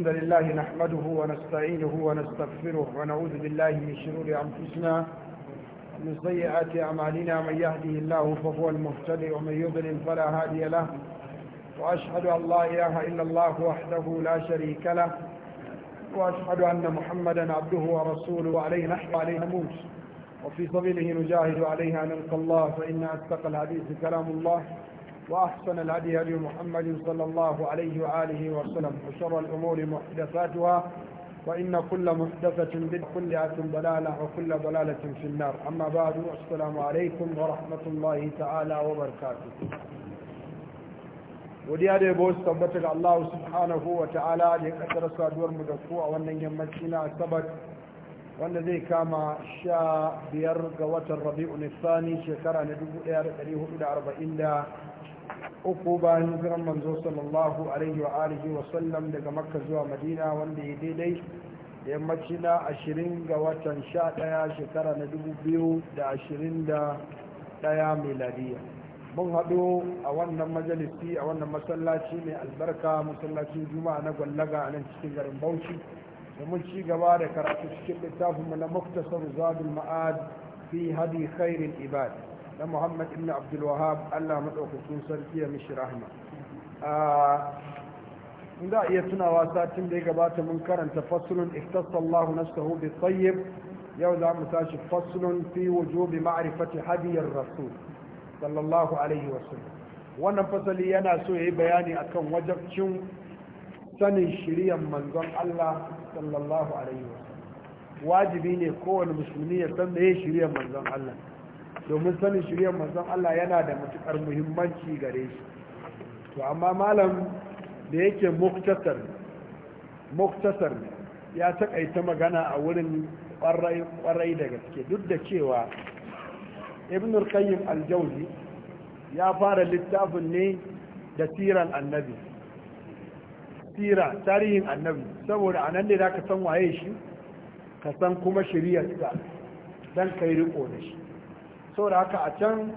الحمد لله نحمده ونستعينه ونستغفره ونعوذ بالله من شرور أنفسنا ومن سيئات أعمالنا من يهده الله فهو المهتدي ومن يضلل فلا هادي له وأشهد أن لا إله إلا الله وحده لا شريك له وأشهد أن محمدا عبده ورسوله عليه نحو عليه نموت وفي سبيله نجاهد عليها نلقى الله فإن أتقى الحديث كلام الله وأحسن الهدي هدي محمد صلى الله عليه وآله وسلم وشر الأمور محدثاتها وإن كل محدثة بدعة كل ضلالة وكل ضلالة في النار أما بعد السلام عليكم ورحمة الله تعالى وبركاته ودي أدي بوس تبتك الله سبحانه وتعالى لأكثر سادور مدفوع وأن يمتنا السبت wanda شاء بيرق وتر ربيع الثاني شكرا rabi'un nisani shekara na 1447 uku bayan hijiran manzo sallallahu alaihi wa alihi wa sallam daga makka zuwa madina wanda ya daidai da yammaci na ashirin ga watan sha ɗaya shekara na dubu biyu da ashirin da ɗaya miladiya mun haɗu a wannan majalisi a wannan masallaci mai albarka masallacin juma'a na gwallaga a nan cikin garin bauchi da domin ci gaba da karatu cikin littafinmu na muktasar zabin ma'ad fi hadi khairin ibad na muhammad ibn abdulwahab allah maɗaukakin sarki ya mishi rahama in za a iya tunawa satin da ya gabata mun karanta fasulun iktasallahu nafsahu bi tayyib yau za mu tashi fasulun fi wujubi ma'rifati hadiyar rasul sallallahu alaihi wasallam wannan fasali yana so ya yi bayani akan wajabcin sanin shiryan manzon Allah sallallahu alaihi wasallam wajibi ne kowane musulmi ya san da ya manzon Allah domin sanin shirya manzon Allah yana da matukar muhimmanci gare shi to amma malam da yake muktasar muktasar ya takaita magana a wurin kwarai da gaske duk da cewa ibn al-qayyim al-jawzi ya fara littafin ne da siran annabi sira tarihin annabi saboda anan ne zaka san waye shi ka san kuma shiriyarsa dan kai riko da shi saboda haka a can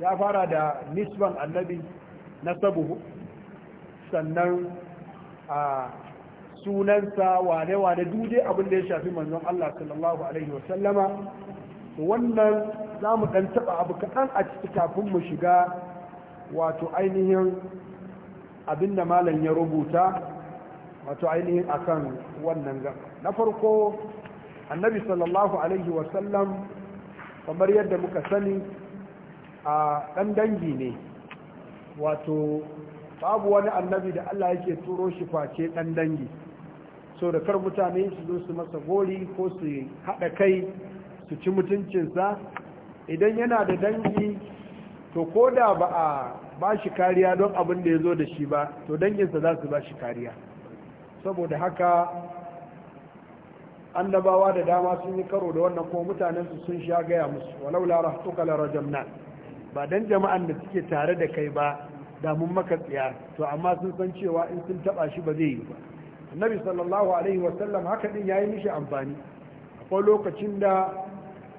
ya fara da nisban annabi na sabuhu sannan a sunansa wane-wane dude abin da ya shafi manzon Allah sallallahu alaihi wasallama wannan za mu ɗan taɓa abu kaɗan a ciki kafin mu shiga wato ainihin abinda malam ya rubuta wato ainihin akan wannan gaba na farko annabi sallallahu alaihi wasallam kamar yadda muka sani a ɗan dangi ne wato babu wani annabi da Allah yake turo shi face ɗan dangi so da kar mutane su zo su masa gori ko su haɗa kai su ci mutuncinsa idan yana da dangi to ko da ba a ba shi kariya don abin da ya zo da shi ba to danginsa za su ba shi kariya saboda haka annabawa da dama sun yi karo da wannan ko mutanensu sun sha gaya musu walau la rahtuka la rajamna ba dan jama'an da suke tare da kai ba da mun maka tsiya to amma sun san cewa in sun taba shi ba zai yi ba annabi sallallahu alaihi wa sallam haka din yayi mishi amfani akwai lokacin da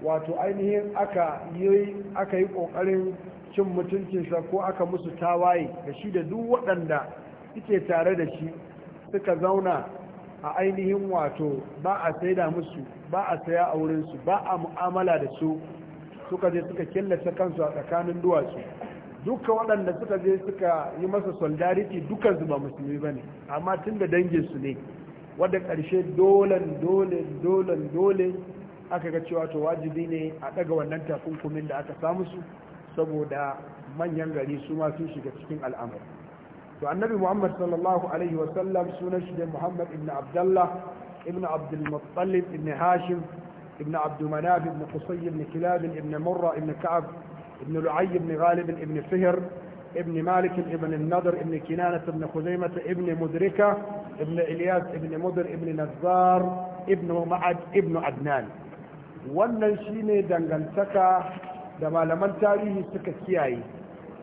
wato ainihin aka yi aka yi kokarin cin mutuncinsa ko aka musu tawaye da shi da duk waɗanda suke tare da shi suka zauna a ainihin wato ba a saida musu ba a saya a wurinsu ba a mu'amala da su suka je suka killace kansu a tsakanin duwatsu duka waɗanda suka je suka yi masa solidarity dukan su ba musulmi ba ne amma tun da danginsu ne wadda ƙarshe dolen dole dolen dole aka ga cewa to wajibi ne a ɗaga wannan takunkumin da aka samu su saboda manyan gari su ma shiga cikin al'amari to annabi muhammad sallallahu alaihi wasallam sunan shi ne muhammad ibn abdullah ibn abdul muttalib ibn hashim ibn abdul manaf ibn qusay ibn kilab ibn murra ibn ka'ab ibn lu'ay ibn ghalib ibn fihr ابن مالك ابن النضر ابن كنانة ابن خزيمة ابن مدركة ابن إلياس ابن مدر ابن نزار ابن معد ابن عدنان wannan shine dangantaka da malaman tarihi suka kiyaye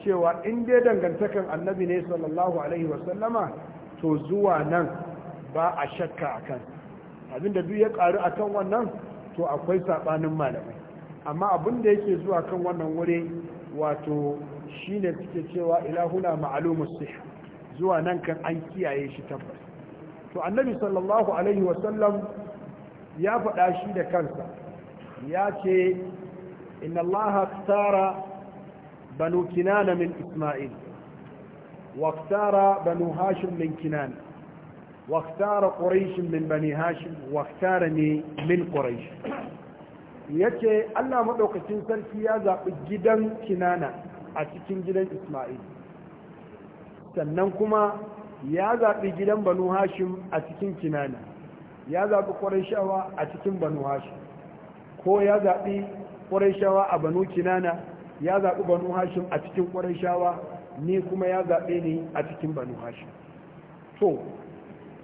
cewa in dai dangantakan annabi ne sallallahu alaihi wasallama to zuwa nan ba a shakka akan. Abin da duk ya karu akan wannan to akwai saɓanin malamai amma abin da yake zuwa kan wannan wuri wato shine suke cewa ilahuna ma'lumus sih zuwa nan kan an kiyaye shi tabbas to annabi sallallahu alaihi wasallam ya faɗa shi da kansa ya ce inna allaha tara بنو كنان من إسماعيل واختار بنو هاشم من كنان واختار قريش من بني هاشم واختارني من قريش yace Allah madaukakin sarki ya zaɓi gidan Kinana a cikin gidan Ismail sannan kuma ya zaɓi gidan Banu Hashim a cikin Kinana ya zaɓi Qurayshawa a cikin Banu Hashim ko ya zaɓi Qurayshawa a Banu Kinana ya zaɓi banu hashin a cikin ƙwarar shawa ni kuma ya zaɓe ne a cikin banu hashin to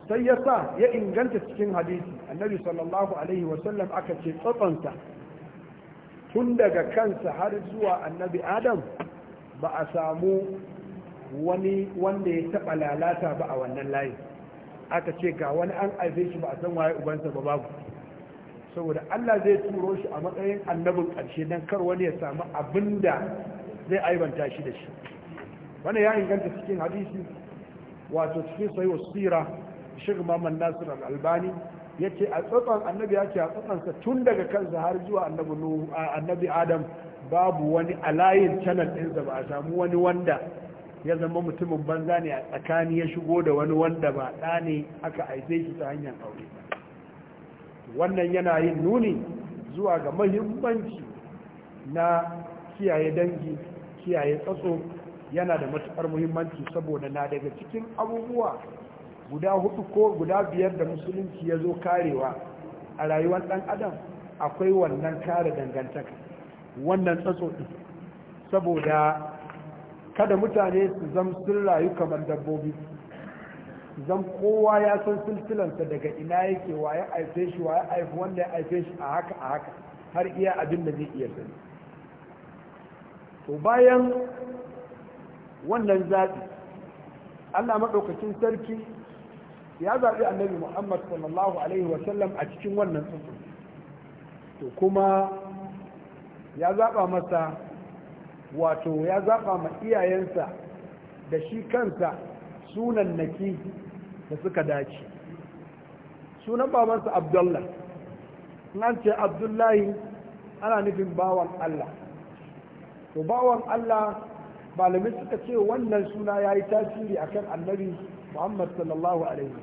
sai ya sa ya inganta cikin hadisi annabi sallallahu alaihi wasallam aka ce tsatsonsa tun daga kansa har zuwa annabi adam ba a samu wani wanda ya taɓa lalata ba a wannan layin aka ce ga wani an aife shi ba a san waye ubansa ba babu saboda Allah zai turo shi a matsayin annabin ƙarshe don kar wani ya samu abin da zai aibanta shi da shi wani ya inganta cikin hadisi wato cikin sayo sira shirin mamman nasir al-albani ya ce a tsotson annabi ya ce a tsotsonsa tun daga kansa har zuwa annabi adam babu wani alayin canal ɗinsa ba a samu wani wanda ya zama mutumin banza ne a tsakani ya shigo da wani wanda ba ɗa ne aka aise shi ta hanyar aure wannan yana yin nuni zuwa ga mahimmanci na kiyaye dangi kiyaye tsatso yana da matuƙar muhimmanci saboda na daga cikin abubuwa guda hudu ko guda biyar da musulunci ya zo karewa a rayuwar ɗan adam akwai wannan kare dangantaka wannan tsatso ɗin saboda kada mutane su zama sun rayu kamar dabbobi zan kowa ya san silsilansa daga ina yake wa ya aife shi wa ya aifi wanda ya aife shi a haka a haka har iya abin da zai iya sani to bayan wannan zaɓi allah maɗaukacin sarki ya zaɓi annabi muhammad sallallahu alaihi wasallam a cikin wannan tsuntsun to kuma ya zaɓa masa wato ya zaɓa ma iyayensa da shi kansa sunan naki da suka dace sunan babansa abdullah nan ce abdullahi ana nufin bawan allah to bawan allah malamai suka ce wannan suna ya yi tasiri akan kan annabi muhammad sallallahu alaihi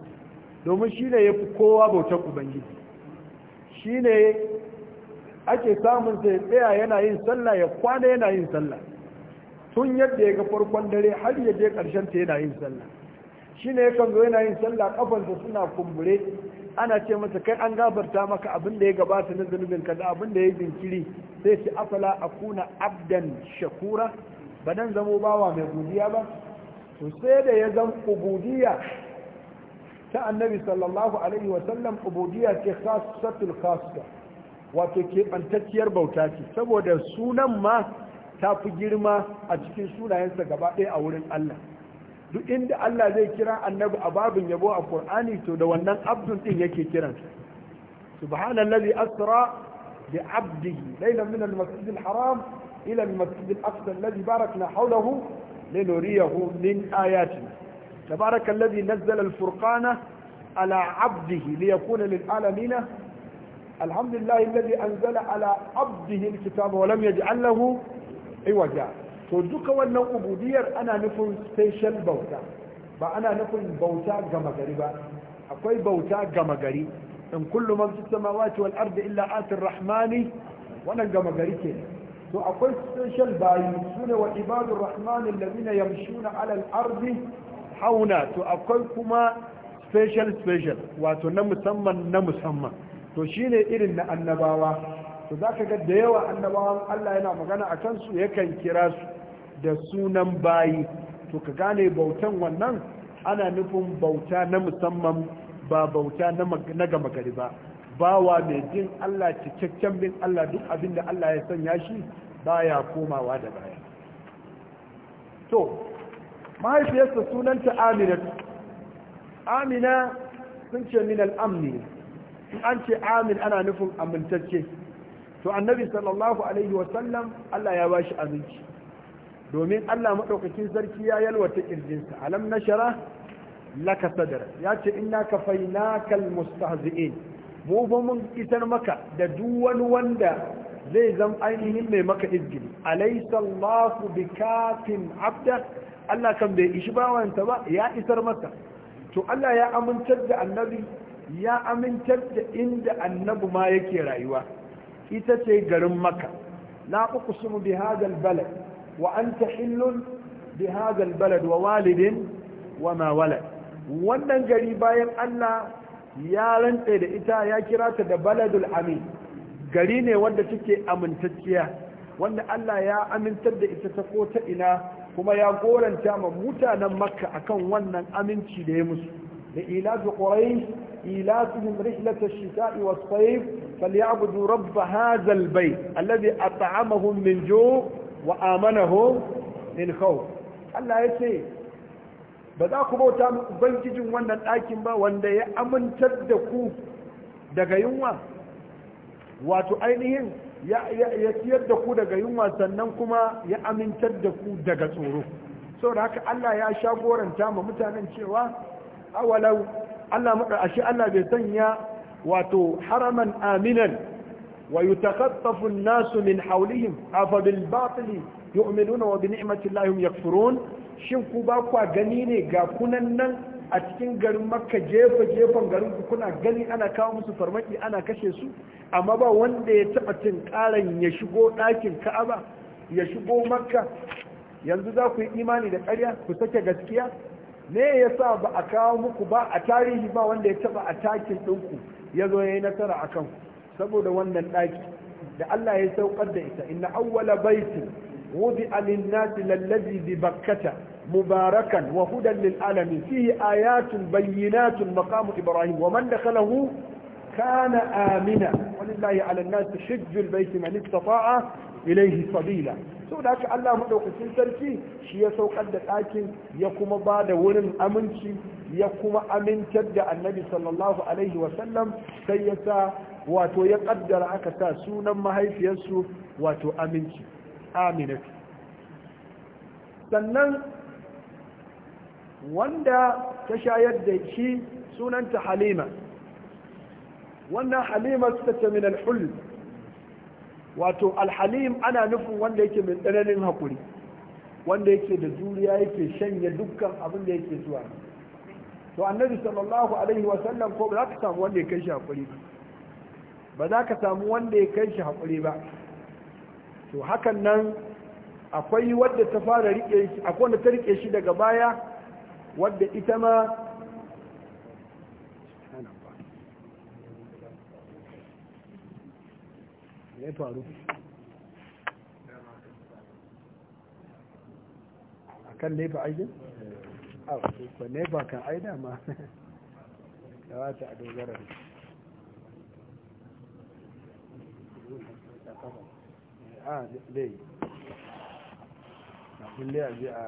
domin shi ne ya fi kowa bautar ubangiji shi ne ake samun sai tsaya yana yin sallah ya kwana yana yin sallah tun yadda ya ga farkon dare har ya je ƙarshen ta yana yin sallah shi ne yakan zo yana yin sallah kafansa suna kumbure ana ce masa kai an gabarta maka abin da ya gabata na zunubin kaza abin da ya jinkiri sai shi afala a kuna abdan shakura ba dan zamo bawa mai godiya ba to sai da ya zan ubudiya ta annabi sallallahu alaihi wa sallam ubudiya ce khassatul khassa wato keɓantacciyar bauta ce saboda sunan ma ta fi girma a cikin sunayensa gaba ɗaya a wurin Allah duk inda Allah zai kira annabi a babin yabo a Qur'ani to da wannan abdun din yake kiransa subhanallazi asra bi abdihi laylan min al-masjid al-haram ila al-masjid al-aqsa alladhi barakna hawlahu linuriyahu min ayatina تبارك الذي نزل الفرقان على عبده ليكون للعالمين الحمد لله الذي أنزل على عبده الكتاب ولم يجعل له iwaja to duka wannan ubudiyar ana nufin special bauta ba ana nufin bauta gama gari ba akwai bauta gama gari in kullu man fi samawati wal ardi illa atir rahmani wannan gama gari ke to akwai special bayi sune wa ibadur Rahmani alladhina yamshuna ala al hauna to akwai kuma special special wato na musamman na musamman to shine irin na annabawa to za ka ga da yawa annabawan Allah yana magana a kansu yakan kira su da sunan bayi to ka gane bautan wannan ana nufin bauta na musamman ba bauta na gama gari ba bawa mai jin Allah cikakken bin Allah duk abin da Allah ya sanya shi baya komawa da baya to mahaifiyarsa sunanta amina amina sun ce min al'amni in an ce amin ana nufin amintacce to annabi sallallahu alaihi wasallam Allah ya bashi aminci. domin Allah madaukakin sarki ya yalwata kirjinsa alam nashara laka sadra ya ce inna kafainaka almustahzi'in mu fa mun isar maka da duk wani wanda zai zam ainihin mai maka izgili alaysa Allahu bikafin abda Allah kan bai ishi bawansa ba ya isar maka. to Allah ya amintar da annabi ya amintar da inda annabi ma yake rayuwa ita ce garin maka la uqsimu bi hadha balad wa anta hillun bi balad wa walidin wa ma wannan gari bayan Allah ya rantse da ita ya kira ta da baladul amin gari ne wanda take amintacciya wanda Allah ya amintar da ita ta ko ta ina kuma ya goranta ma mutanen makka akan wannan aminci da ya musu لإيلاف قريش إيلافهم رحلة الشتاء والصيف فليعبدوا رب هذا البيت الذي أطعمهم من جوع وآمنهم من خوف Allah ya ce ba za ku bauta ubangijin wannan ɗakin ba wanda ya amintar da ku daga yunwa wato ainihin ya ciyar da ku daga yunwa sannan kuma ya amintar da ku daga tsoro sau da haka Allah ya sha goranta ma mutanen cewa awalau Allah mada ashe Allah bai sanya wato haraman aminan wa yutaqaffafu an-nasu min hawlihim afa bil batil yu'minuna wa bi ni'mati Allah hum yakfurun shin ku ba kwa gani ne ga kunan nan a cikin garin makka jefa jefan garin ku kuna gani ana kawo musu farmaki ana kashe su amma ba wanda ya taba karan ya shigo dakin ka'aba ya shigo makka yanzu za ku yi imani da ƙarya ku sake gaskiya me yasa ba a kawo muku ba a tarihi ba wanda ya taba a takin ɗinku ya zo ya yi nasara a kan saboda wannan ɗaki da Allah ya saukar da ita inna awwala baitin wudi alinnasi lallazi bi bakkata mubarakan wa hudan lil alamin fihi ayatun bayyinatun maqamu ibrahim wa man dakhalahu kana amina walillahi ala an-nas bayti man istata'a ilaihi sabila da haka Allah maɗaukacin sarki shi ya saukar da ɗakin ya kuma ba da wurin aminci ya kuma amintar da annabi sallallahu alaihi wasallam sai ya sa wato ya kaddara aka sa sunan mahaifiyarsu wato aminci aminatu sannan wanda ta shayar da shi sunanta halima wannan halima suka ce min wato alhalim ana nufin wanda yake mai tsananin haƙuri wanda yake da juriya yake shanye dukkan abin da yake zuwa to annabi sallallahu alaihi wasallam ko ba za ka samu wanda ya kai shi haƙuri ba za ka samu wanda ya kai shi haƙuri ba to hakan nan akwai wadda ta fara rike shi akwai wanda ta rike shi daga baya wadda ita ma ya faru a kan nefa aikin? a ko nefa kan aida ma a dogara a kulle a ji a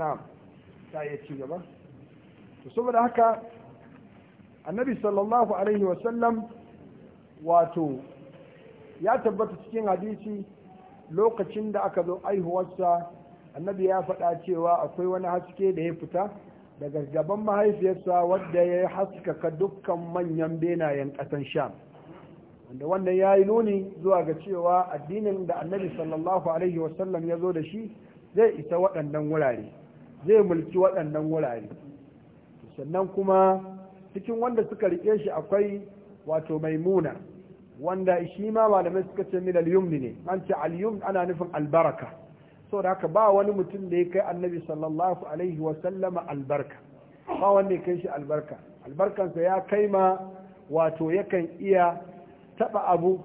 na'am ta ci gaba to saboda haka annabi sallallahu alaihi wasallam wato ya tabbata cikin hadisi lokacin da aka zo aihuwarsa annabi ya faɗa cewa akwai wani haske da ya fita daga gaban mahaifiyarsa wadda ya haskaka dukkan manyan benayen ƙasan sham wanda wannan ya yi nuni zuwa ga cewa addinin da annabi sallallahu alaihi wasallam ya zo da shi zai isa waɗannan wurare zai mulki waɗannan wurare sannan kuma cikin wanda suka rike shi akwai wato maimuna wanda shi ma malamai suka ce min al-yumni ne an ce al-yumn ana nufin albaraka saboda haka ba wani mutum da ya kai annabi sallallahu alaihi wa sallama albarka ba wanda ya kai shi albarka albarkansa ya kai ma wato yakan iya taba abu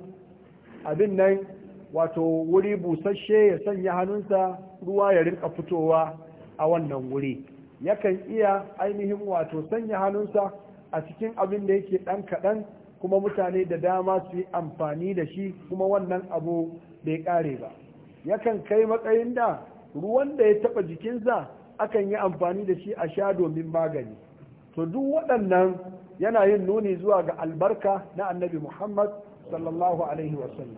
abin nan wato wuri busasshe ya sanya hannunsa ruwa ya rinka fitowa a wannan wuri yakan iya ainihin wato sanya hannunsa a cikin abin da yake ɗan kaɗan kuma mutane da dama su yi amfani da shi kuma wannan abu bai ƙare ba yakan kai matsayin da ruwan da ya taɓa jikinsa akan yi amfani da shi a sha domin magani to duk waɗannan yana yin nuni zuwa ga albarka na annabi muhammad sallallahu alaihi wasallam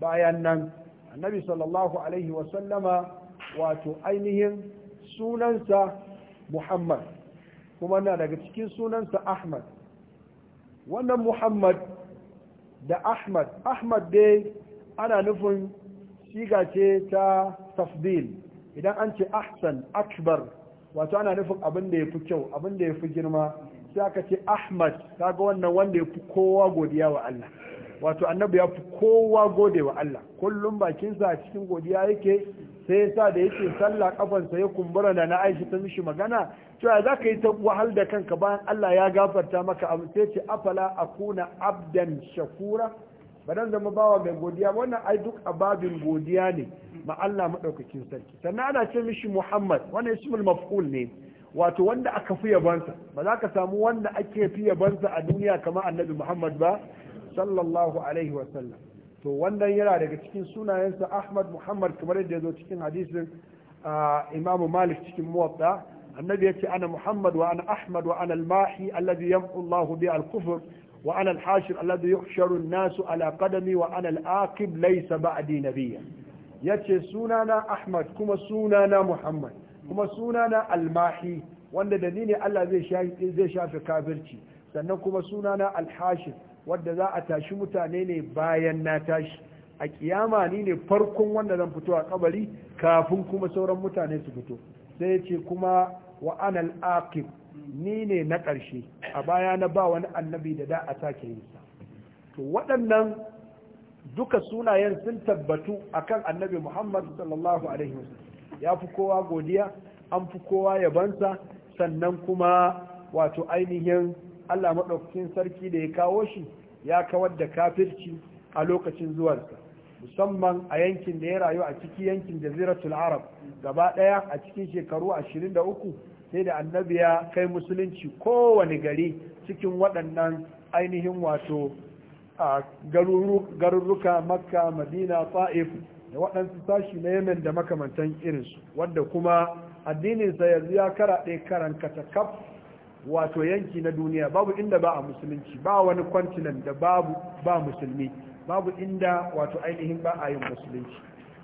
bayan nan annabi sallallahu alaihi wasallama wato ainihin sunansa muhammad kuma na daga cikin sunansa ahmad wannan muhammad da ahmad ahmad dai ana nufin siga ce ta tafdil idan an ce ahsan akbar wato ana nufin abin da ya fi kyau abin da ya fi girma sai aka ce ahmad kaga wannan wanda ya fi kowa godiya wa allah wato annabi ya fi kowa gode wa allah kullum bakinsa a cikin godiya yake sai yasa da yake sallah kafansa ya kumbura da na Aisha ta mishi magana cewa za ka yi ta wahal da kanka bayan Allah ya gafarta maka abu sai ce afala a kuna abdan shakura ba dan zama bawa mai godiya wannan ai duk ababin godiya ne ma Allah madaukakin sarki sannan ana ce mishi Muhammad wannan ismul maf'ul ne wato wanda aka fi yabansa ba za ka samu wanda ake fi yabansa a duniya kamar annabi Muhammad ba sallallahu alaihi wa to wannan yana daga cikin sunayensa ahmad muhammad kamar yadda ya zo cikin hadisin imamu malik cikin muwatta annabi ya ce ana muhammad wa ana ahmad wa ana almahi alladhi yamhu allah bi al-kufr wa ana alhashir hashir alladhi yuhsharu an-nasu ala qadami wa ana al-aqib laysa ba'di nabiyya yace sunana ahmad kuma sunana muhammad kuma sunana almahi wanda da ni ne Allah zai shafi kafirci sannan kuma sunana alhashir wadda za a tashi mutane ne bayan na tashi a kiyama ni ne farkon wanda zan fito a kabari kafin kuma sauran mutane su fito sai ce kuma wa anal aqib ni ne na ƙarshe a baya na ba wani annabi da da a take yin sa to waɗannan duka sunayen sun tabbatu akan annabi Muhammad sallallahu alaihi wasallam ya fi kowa godiya an fi kowa yabansa sannan kuma wato ainihin Allah maɗaukakin sarki da ya kawo shi ya kawar da kafirci a lokacin zuwansa musamman a yankin da ya rayu a ciki yankin jaziratul arab gaba ɗaya a cikin shekaru 23 sai da annabi ya kai musulunci kowane gari cikin waɗannan ainihin wato a garurruka makka madina ta'if da waɗansu sashi na yemen da makamantan irinsu wadda kuma addininsa yanzu ya karaɗe karan katakaf wato yanki na duniya babu inda ba a musulunci ba wani kwantinan da babu ba musulmi babu inda wato ainihin ba a yin musulunci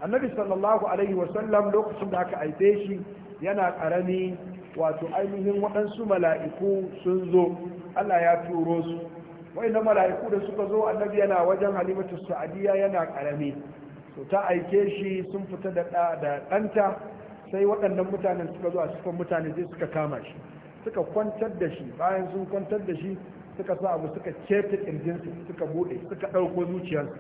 annabi sallallahu alaihi wasallam lokacin da aka aife shi yana karami wato ainihin waɗansu mala'iku sun zo allah ya turo su na mala'iku da suka zo annabi yana wajen halimatu sa'adiyya yana karami to ta aike shi sun fita da ɗanta sai waɗannan mutanen suka zo a sufan mutane zai suka kama shi suka kwantar da shi bayan sun kwantar da shi suka sa abu suka ceta ƙirjinsu suka buɗe suka ɗauko zuciyarsu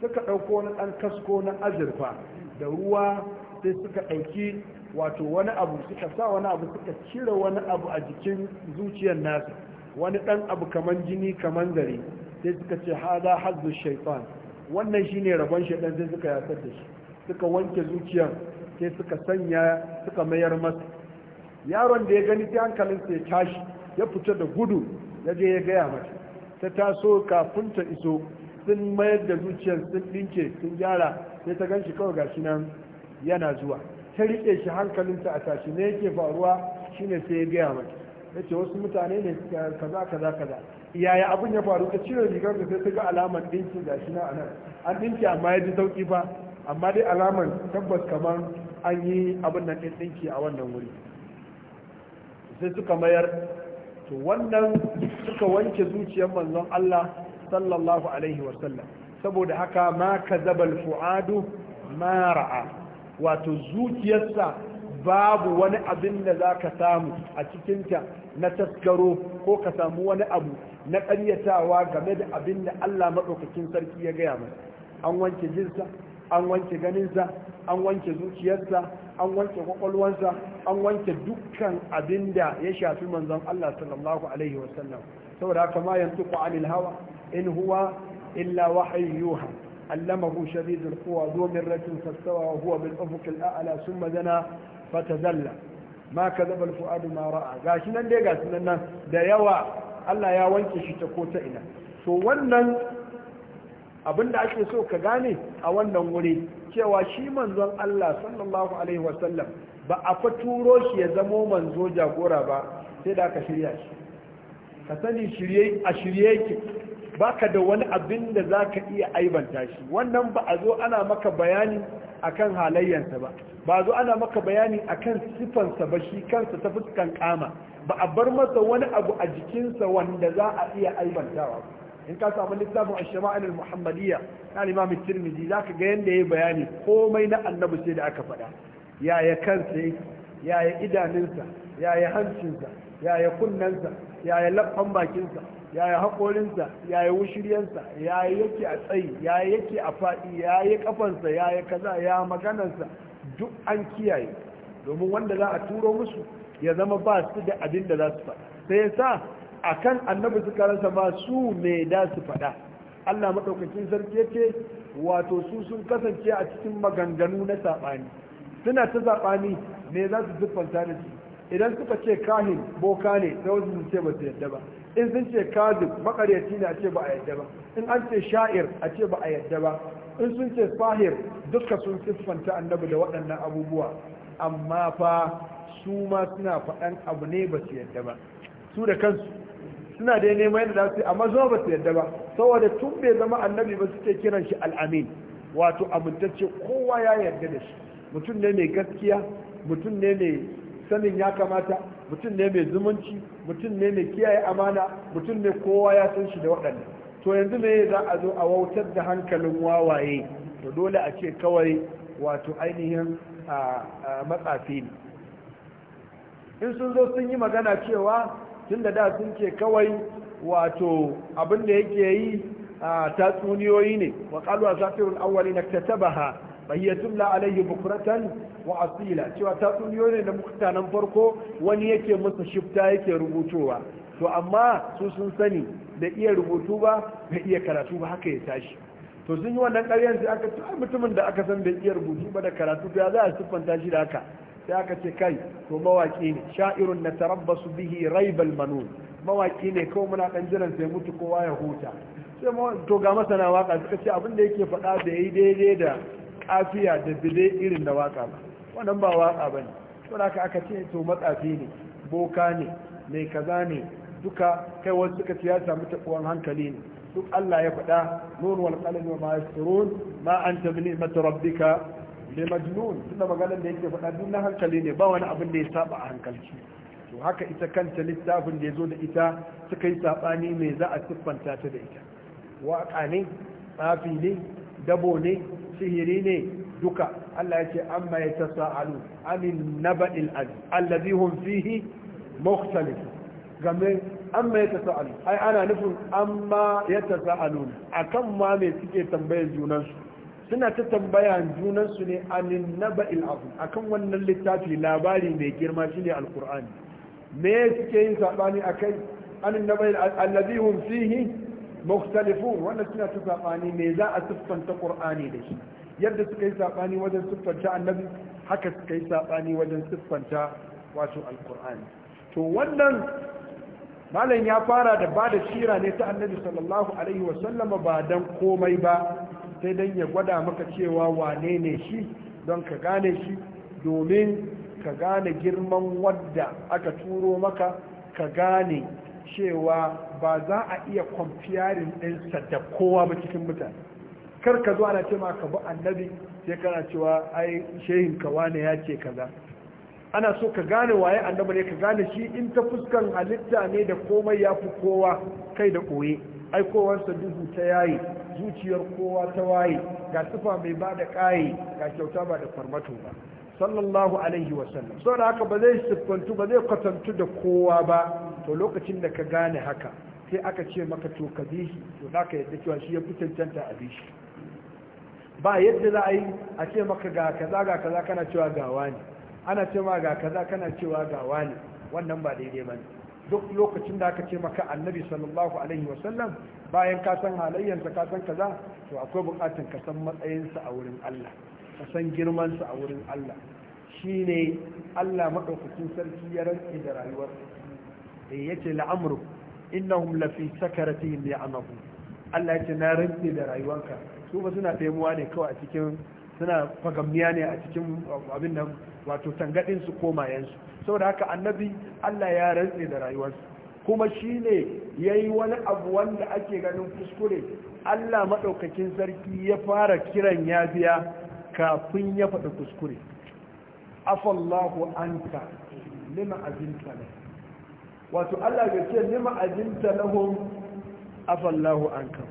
suka ɗauko wani ɗan kasko na azurfa da ruwa sai suka ɗauki wato wani abu suka sa wani abu suka cire wani abu a jikin zuciyar nasa wani ɗan abu kaman jini kaman zare sai suka ce hada hazu shaitan wannan shi ne rabon shaitan sai suka yasar da shi suka wanke zuciyar sai suka sanya suka mayar masa yaron da ya gani ta hankalinsa ya tashi ya fita da gudu ya je ya gaya mata ta taso kafin ta iso sun mayar da zuciyar sun ɗinke sun gyara sai ta gan kawai gashi nan yana zuwa ta riƙe shi hankalinta a tashi ne yake faruwa shine sai ya gaya mata ya ce wasu mutane ne kaza kaza kaza yaya abin ya faru ta cire rigar da sai ta ga alamar ɗinkin gashi na anan an ɗinki amma ya ji sauƙi fa amma dai alamar tabbas kamar an yi abin nan ɗinki a wannan wuri sai suka mayar to wannan suka wanke zuciyar manzon Allah sallallahu alaihi wasallam saboda haka ma kazabal fuadu ma ra'a wato zuciyarsa babu wani abin da za ka samu a cikinta na taskaro ko ka samu wani abu na ƙaryatawa game da abin da Allah maɗaukakin sarki ya gaya masa an wanke jinsa an wanke ganinsa an wanke zuciyarsa an wanke kwakwalwarsa. an wanke dukkan abin da ya shafi manzon Allah sallallahu alaihi wasallam saboda haka ma yantiqu anil hawa in huwa illa wahyu yuha allamahu shadidul quwa dhu mirratin fastawa huwa bil ufuq al a'la thumma dana fatazalla ma kadhaba al fuad ma ra'a shi nan dai gashi nan nan da yawa Allah ya wanke shi ta ko ta ina to wannan abin da ake so ka gane a wannan wuri cewa shi manzon Allah sallallahu alaihi wasallam ba a fa turo shi ya zamo manzo jagora ba sai da aka shirya shi ka sani shirye a shirye ki baka da wani abin da zaka iya aibanta shi wannan ba a zo ana maka bayani akan halayyarsa ba ba zo ana maka bayani akan sifansa ba shi kansa ta fuskan kama ba a bar masa wani abu a jikinsa wanda za a iya aibantawa in ka samu littafin ash-shama'il al-muhammadiyya na imam tirmidhi zaka ga yanda yayi bayani komai na annabi sai da aka faɗa yaya kansa yake yaya idanunsa yaya hancinsa yaya kunnensa yaya laffan bakinsa yaya haƙorinsa yaya wushiryansa yaya yake a tsayi ya yake a faɗi yaya kafansa yaya kaza ya maganarsa duk an kiyaye domin wanda za a turo musu ya zama ba su da abin da za su faɗa sai ya sa a kan annabi suka rasa ba su me da su faɗa allah maɗaukacin sarki ya wato su sun kasance a cikin maganganu na saɓani suna ta zaɓa ni me za su siffanta da shi idan suka ce kahin boka ne sai wasu sun ce ba su yadda ba in sun ce kazib makaryaci ne a ce ba a yadda ba in an ce sha'ir a ce ba a yadda ba in sun ce sahir duka sun siffanta annabi da waɗannan abubuwa amma fa su ma suna faɗan abu ne ba su yadda ba su da kansu suna da neman yadda su amma zo ba su yadda ba saboda tun bai zama annabi ba suke kiran shi al'amin wato amintacce kowa ya yarda da shi mutum ne mai gaskiya mutum ne mai sanin ya kamata mutum ne mai zumunci mutum ne mai kiyaye amana mutum ne kowa ya san shi da waɗanda to yanzu me za a zo a wautar da hankalin wawaye to dole a ce kawai wato ainihin matsafi ne in sun zo sun yi magana cewa tun da da sun ce kawai wato abin da yake yi a tatsuniyoyi ne wa ƙalwa zafirul awwali na ta tabaha فهي تملى عليه بكرة وأصيلا cewa tatsuniyoyi ne da mutanen farko wani yake masa shifta yake rubutowa to amma su sun sani da iya rubutu ba da iya karatu ba haka ya tashi to sun yi wannan ƙaryan sai aka tuwa mutumin da aka san da iya rubutu ba da karatu to ya za a siffanta shi da haka sai aka ce kai to mawaƙi ne sha'irun na tarabbasu bihi raibal manun mawaƙi ne kawai muna ɗan jiran sai mutu kowa ya huta sai to ga masana waka suka ce abin da yake faɗa da yayi daidai da kafiya da bide irin da waka ba wannan ba waka ba ne aka ce to matsafi ne boka ne mai kaza ne duka kai wasu suka ce ya samu taɓuwan hankali ne duk Allah ya faɗa nun wal qalami ma yasrun ma anta bi ni'mat rabbika bi majnun tunda maganar da yake faɗa duk na hankali ne ba wani abin da ya saba a hankalci to haka ita kanta littafin da ya zo da ita suka yi saɓani mai za a siffanta ta da ita waƙa ne tsafi ne dabo ne sihiri ne duka Allah ya ce amma ya tasa'alu amin naba'il azim allazi hum fihi mukhtalif game amma ya tasa'alu ai ana nufin amma ya tasa'alu akan ma me suke tambayar junan su suna ta tambaya junan su ne amin naba'il azim akan wannan littafi labari mai girma shine alqur'ani me suke yin sabani akai anin naba'il allazi hum fihi mukhtalifun wanda suna ta sabani me za a siffanta qur'ani da shi yadda suka yi sabani wajen siffanta annabi haka suka yi sabani wajen siffanta wato alqur'ani to wannan malam ya fara da bada da shira ne ta annabi sallallahu alaihi ba dan komai ba sai dan ya gwada maka cewa wane ne shi don ka gane shi domin ka gane girman wadda aka turo maka ka gane cewa ba za a iya kwamfiyarin ɗinsa da kowa ba cikin mutane kar ka zo ana ce ma ka bi annabi sai kana cewa ai shehin ka wane ya ce kaza ana so ka gane waye annabi ne ka gane shi in ta fuskan halitta ne da komai ya fi kowa kai da koye ai kowansa duhu ta yayi zuciyar kowa ta waye ga sifa mai ba da ƙaye ga kyauta ba da farmato ba sallallahu alaihi wasallam saboda haka ba zai siffantu ba zai kwatantu da kowa ba to lokacin da ka gane haka sai aka ce maka to ka bi shi to za ka yadda cewa shi ya fi a bi shi ba yadda za a yi a ce maka ga kaza ga kaza kana cewa gawa ne ana ce ma ga kaza kana cewa gawa ne wannan ba daidai ba ne duk lokacin da aka ce maka annabi sallallahu alaihi wasallam bayan ka san halayyarsa ka san kaza to akwai bukatun ka san matsayinsa a wurin Allah ka san girmansa a wurin Allah shine Allah maɗaukacin sarki ya rantsi da rayuwarsa Eh, yace la'amru innahum la fi sakaratihim ya'mahu Allah yace na rantsi da rayuwanka su ba suna taimuwa ne kawai a cikin suna fagamniya ne a cikin uh, abin nan wato tangadin su ko mayansu saboda haka annabi Allah ya rantsi da rayuwarsu kuma shi shine yayi wani abu wanda ake ganin kuskure Allah madaukakin sarki ya fara kiran ya biya kafin ya faɗi kuskure afallahu anka lima azinta lak wato Allah ga ce nima ajinta lahum afallahu anka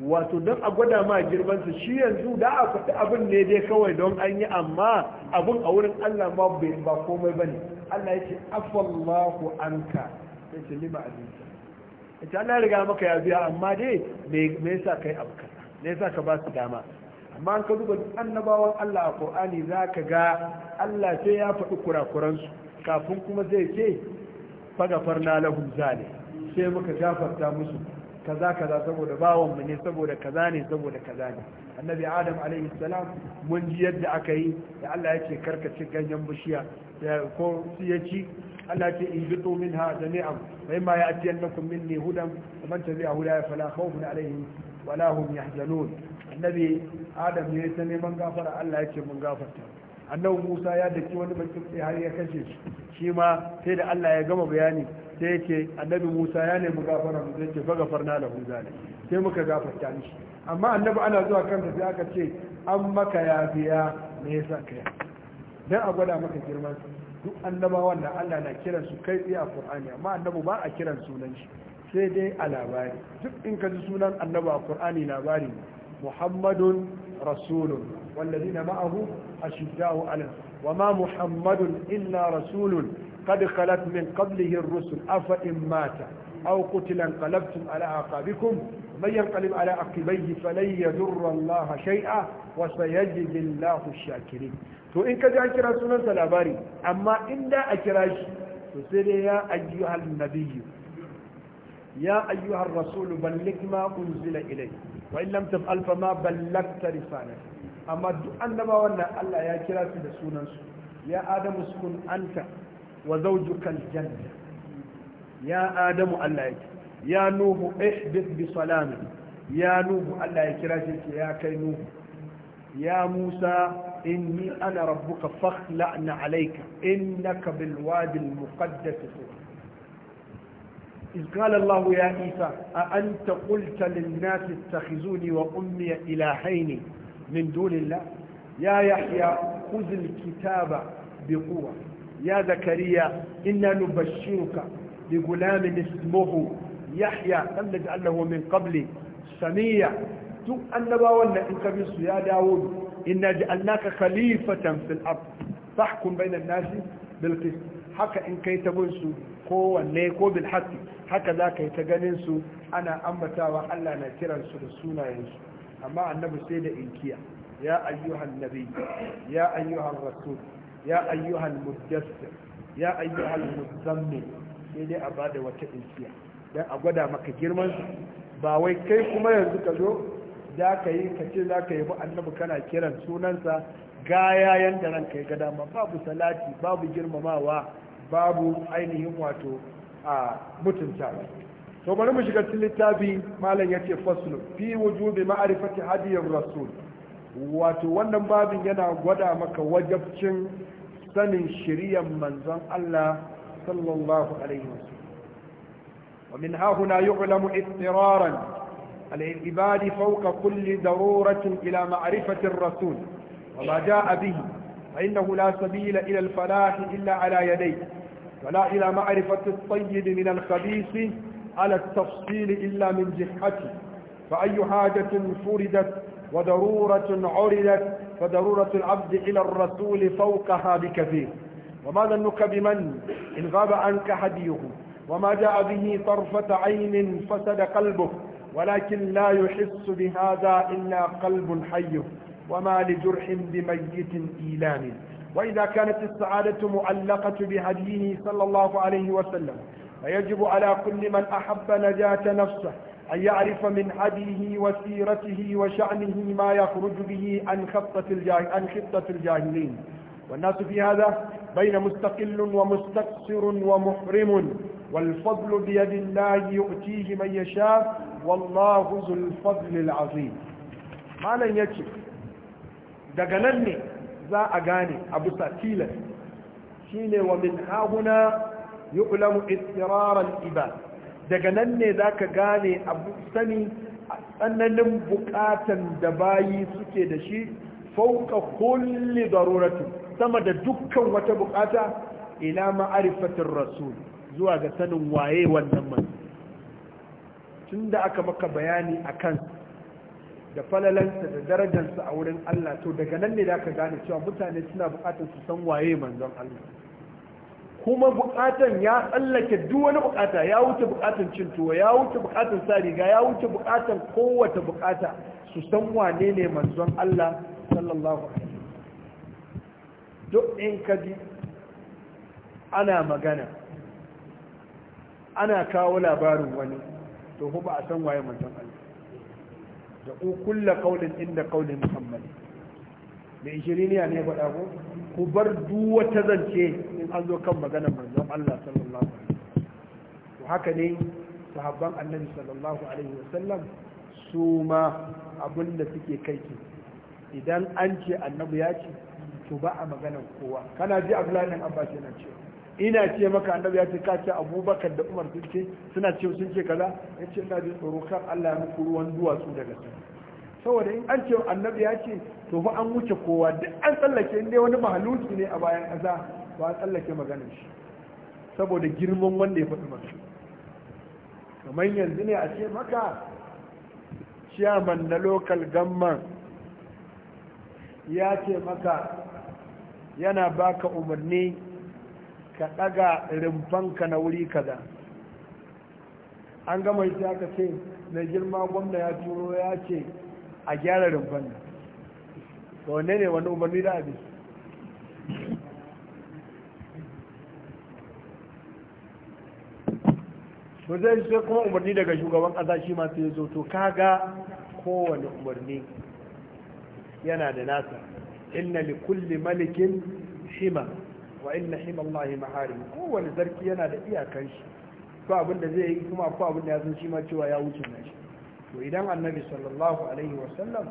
wato don a gwada ma girmansa shi yanzu da a faɗi abin ne dai kawai don an yi amma abin a wurin Allah ma ba komai ba ne Allah ya ce afallahu anka ya ce nima ajinta ita Allah riga maka ya biya amma dai me yasa kai abu kaza me yasa ka ba su dama amma an ka duba annabawan Allah a Qur'ani zaka ga Allah sai ya faɗi kurakuransu kafin kuma zai ce na lahum zali sai muka gafarta musu kaza kaza saboda bawanmu mu ne saboda kaza ne saboda kaza ne annabi adam alaihi salam mun ji yadda aka yi da Allah ya ce karkace ganyen bishiya ko ya ci Allah ce in bito min ha jami'an bai ma ya ati annakum minni hudan wa man tabi'a hudaya fala khawfun alaihim wala hum yahzanun annabi adam ne ta neman gafara Allah ya ce mun gafarta annabi musa ya daki wani bakin har ya kashe shi shi ma sai da allah ya gama bayani sai yake annabi musa ya nemi gafara mu zai ce fa gafarna lahu zalim sai muka gafarta mishi amma annabi ana zuwa kansa sai aka ce an maka ya biya me yasa kai dan a gwada maka girman duk annabawan da allah na kiran su kai tsaye a qur'ani amma annabi ba a kiran sunan shi sai dai a labari duk in ka ji sunan annabi a qur'ani labari muhammadun rasulun والذين معه أشداء ألم وما محمد إلا رسول قد خلت من قبله الرسل أفإن مات أو قتل انقلبتم على أعقابكم من ينقلب على عقبيه فلن يضر الله شيئا وسيجد الله الشاكرين تو إن كذا أكرا سنة سلاباري أما إن لا أكراش تسري يا أيها النبي يا أيها الرسول بلغ ما أنزل إليك وإن لم تفعل فما بلغت رسالتك amma duk annabawan nan Allah ya kira su da sunansu ya adamu sukun anta wa zawjukal janna ya adamu Allah ya ya nuhu ihdith bi salami ya nuhu Allah ya kira shi ya kai nuhu ya musa inni ana rabbuka fakhla'na alayka innaka bil wadi al muqaddas إذ قال الله يا عيسى أأنت قلت للناس اتخذوني وأمي إلهين من دون الله يا يحيى خذ الكتاب بقوة يا زكريا إنا نبشرك بغلام اسمه يحيى لم نجعل له من قبل سمية تب أنبا ولا إنك يا داود إنا جعلناك خليفة في الأرض تحكم بين الناس بالقسط حكى إن كيت بنسو قوة ليكو بالحق حكا ذاك يتقننسو أنا أمتا وحلا نترى سلسونا ينسو amma annabi sai da inkiya ya ayyuhan nabi ya ayyuhan rasul ya ayyuhan mujassir ya ayyuhan muzammil sai dai a bada wata inkiya dan a gwada maka girman ba wai kai kuma yanzu ka zo da ka yi ka ce za ka yi annabi kana kiran sunansa gaya yanda ranka ya gada ma babu salati babu girmamawa babu ainihin wato a mutuntawa to bari mu shiga cikin littafi malam yace faslu fi wujubi ma'rifati ar rasul wato wannan babin yana gwada maka wajabcin sanin shiriyar manzon Allah sallallahu alaihi wasallam ومن ها هنا يعلم اضطرارا العباد فوق كل ضرورة إلى معرفة الرسول وما جاء به فإنه لا سبيل إلى الفلاح إلا على يديه ولا إلى معرفة الطيب من الخبيث على التفصيل إلا من جهته فأي حاجة فردت وضرورة عرضت فضرورة العبد إلى الرسول فوقها بكثير وما ظنك بمن إن غاب عنك هديه وما جاء به طرفة عين فسد قلبه ولكن لا يحس بهذا إلا قلب حي وما لجرح بميت إيلان وإذا كانت السعادة معلقة بهديه صلى الله عليه وسلم فيجب على كل من أحب نجاة نفسه أن يعرف من حديه وسيرته وشأنه ما يخرج به عن خطة الجاهلين والناس في هذا بين مستقل ومستقصر ومحرم والفضل بيد الله يؤتيه من يشاء والله ذو الفضل العظيم ما لن يجب دقنني ذا أغاني أبو ساتيلة شيني ومن هنا yuqlamu istirarar iba. daga nan ne zaka gane abu sani tsananin bukatan da bayi suke da shi fauka kulli daruratu sama da dukkan wata bukata ila ma'arifatin rasul zuwa ga sanin waye wannan man tun da aka maka bayani a kan da falalansa da darajarsa a wurin Allah to daga nan ne da aka gane cewa mutane suna bukatar su san waye manzon Allah kuma bukatan ya tsallake duk wani bukata ya wuce bukatan cin tuwo ya wuce bukatan sa riga ya wuce bukatan kowace bukata su san wane ne manzon Allah sallallahu alaihi duk in ka ji ana magana ana kawo labarin wani to ba a san waye manzon Allah da ku kullu qaulin inda qaulin Muhammad da ishiriniya ne faɗa ko ku bar duk wata zance in an zo kan maganar manzon Allah sallallahu alaihi wasallam haka ne sahabban annabi sallallahu alaihi wasallam su ma abin da suke kai idan an ce annabi ya ce to ba a maganar kowa kana ji abdullahi dan abba na cewa ina ce maka annabi ya ce ce abubakar da umar sun ce suna ce sun ce kaza ya ce ina jin tsoro kan allah ya muku ruwan duwatsu daga sama saboda in an ce annabi ya ce to fa an wuce kowa duk an tsallake in dai wani mahaluki ne a bayan kaza ba an tsallake maganar shi saboda girman wanda ya faɗi magana kamar yanzu ne a ce maka chairman na lokal gamman ya ce maka yana baka umarni ka ɗaga rumfanka na wuri kaza an gama ita ka ce na girma gwamna ya turo ya ce a gyara rumfan da to ne wani umarni da abin su zai sai kuma umarni daga shugaban ƙasa shi masu yi zoto kaga kowane umarni yana da nasa inna li kulli malikin shima wa inna shima Allah maharim kowane zarki yana da iyakan shi ko abin da zai yi kuma ko abin da ya san shi ma cewa ya wuce na shi to idan annabi sallallahu alaihi wasallam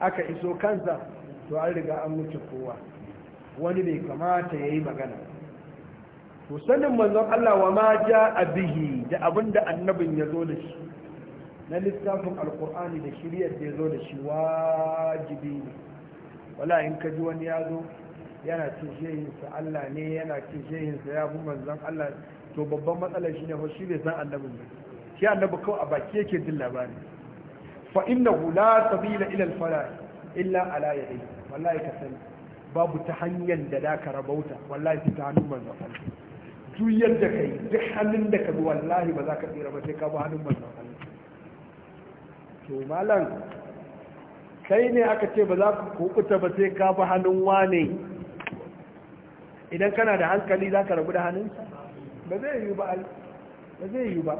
aka iso kansa to an riga an wuce kowa wani bai kamata ya yi magana to sanin manzon Allah wa ma ja abihi da abinda annabin ya zo da shi na littafin alkur'ani da shiryar da ya zo da shi wajibi ne wala in ka ji wani ya zo yana ce shehinsa Allah ne yana ce shehinsa ya fi manzon Allah to babban matsalar shi ne ba shi bai san annabin ne sai annabi kawai a baki yake jin labari fa innahu la sabila ila al-falah illa ala yadi wallahi ka sani babu ta hanyar da ka rabauta wallahi sai ta hannun manzon Allah duk yadda kai duk hannun da ka bi wallahi ba za ka tsira ba sai ka bi hannun manzon Allah to malam kai ne aka ce ba za ka kokuta ba sai ka bi hannun wane idan kana da hankali za ka rabu da hannunsa ba zai yi ba ba zai yi ba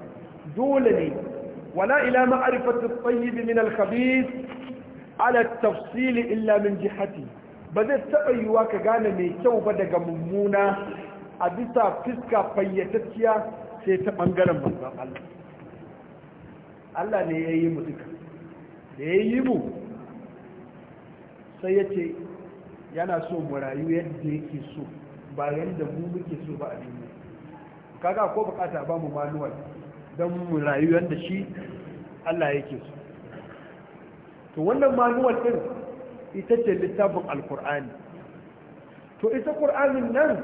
dole ne wala ila ma'arifatu tayyib min al-khabith ala at-tafsil illa min jihati ba zai taba yiwa ka gane mai kyau ba daga mummuna a bisa fiska fayyatacciya sai ta bangaren manzon Allah Allah ne yayi mu duka da yayi mu sai yace yana so mu rayu yadda yake so ba yadda mu muke so ba a duniya kaga ko bukata ba mu manuwal don mu rayu da shi Allah yake su to wannan manuwar ɗin ita ce littafin alkur'ani to ita ƙur'anin nan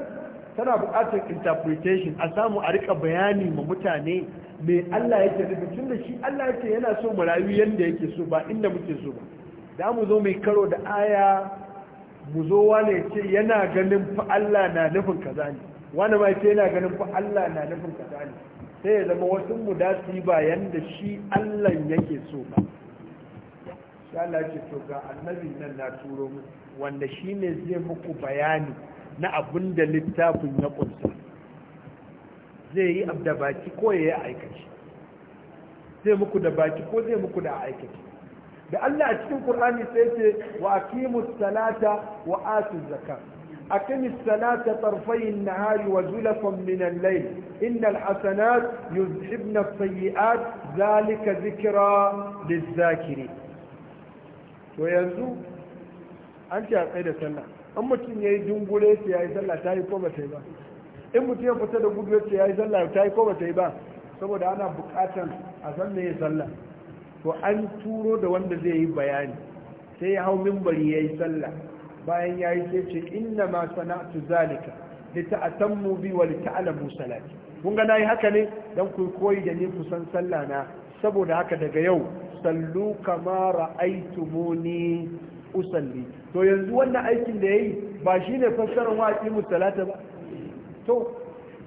tana buƙatar interpretation a samu a riƙa bayani ma mutane me Allah yake da tun da shi Allah yake yana so mu rayu yanda yake so ba inda muke so ba da mu zo mai karo da aya mu zo wane ce yana ganin fa Allah na nufin kaza ne wani ma ce yana ganin fa Allah na nufin kaza ne sai ya zama wasu mu da su yi bayan da shi Allah yake so ba shi Allah ce to ga annabi nan na turo mu wanda shi ne zai muku bayani na abin da littafin ya kunsa zai yi da baki ko ya yi aikaci zai muku da baki ko zai muku da aikaci da Allah a cikin kur'ani sai ce wa aqimus salata wa atuz zakat أقم الصلاة طرفي النهار وزلفا من الليل إن الحسنات يذهبن السيئات ذلك ذكرى للذاكرين وينزو أنت أقيد سنة أما تنيا يدون بوليس يا إسالة تاي كوبا سيبا إما تنيا فتد قدوة يا إسالة تاي كوبا سيبا saboda ana bukatan a san me ya sallah to an turo da wanda zai yi bayani sai ya hau mimbari ya yi sallah bayan ya yi sai ce inna ma sana'tu zalika li ta'tammu bi wa li ta'lamu salati kun ga nayi haka ne dan ku koyi da ni ku san sallah na saboda haka daga yau sallu kama ra'aytumuni usalli to yanzu wannan aikin da yayi ba shine fassarar wa aqimu salata ba to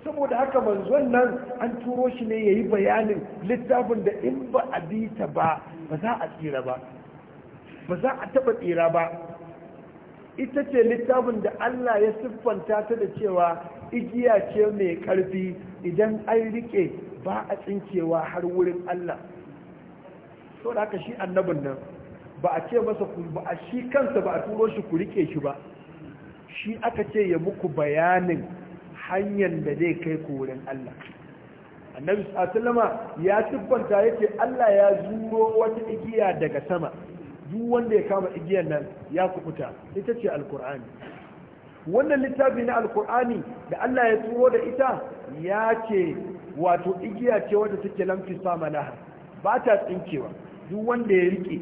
saboda haka manzon nan an turo shi ne yayi bayanin littafin da in ba a bi ta ba ba za a tsira ba ba za a taba tsira ba ita ce littafin da Allah ya siffanta ta da cewa igiya ce mai ƙarfi idan an riƙe ba a tsinkewa har wurin Allah so da haka shi annabin nan ba a ce masa ku ba a shi kansa ba a turo shi ku rike shi ba shi aka ce ya muku bayanin hanyar da zai kai ku wurin Allah annabi sallama ya siffanta yake Allah ya zuro wata igiya daga sama duk wanda ya kama igiyar nan ya kubuta ita ce alkur'ani wannan littafi na alkur'ani da Allah ya turo da ita ya ce wato igiya ce wadda take lamfi sama laha ba ta tsinkewa duk wanda ya rike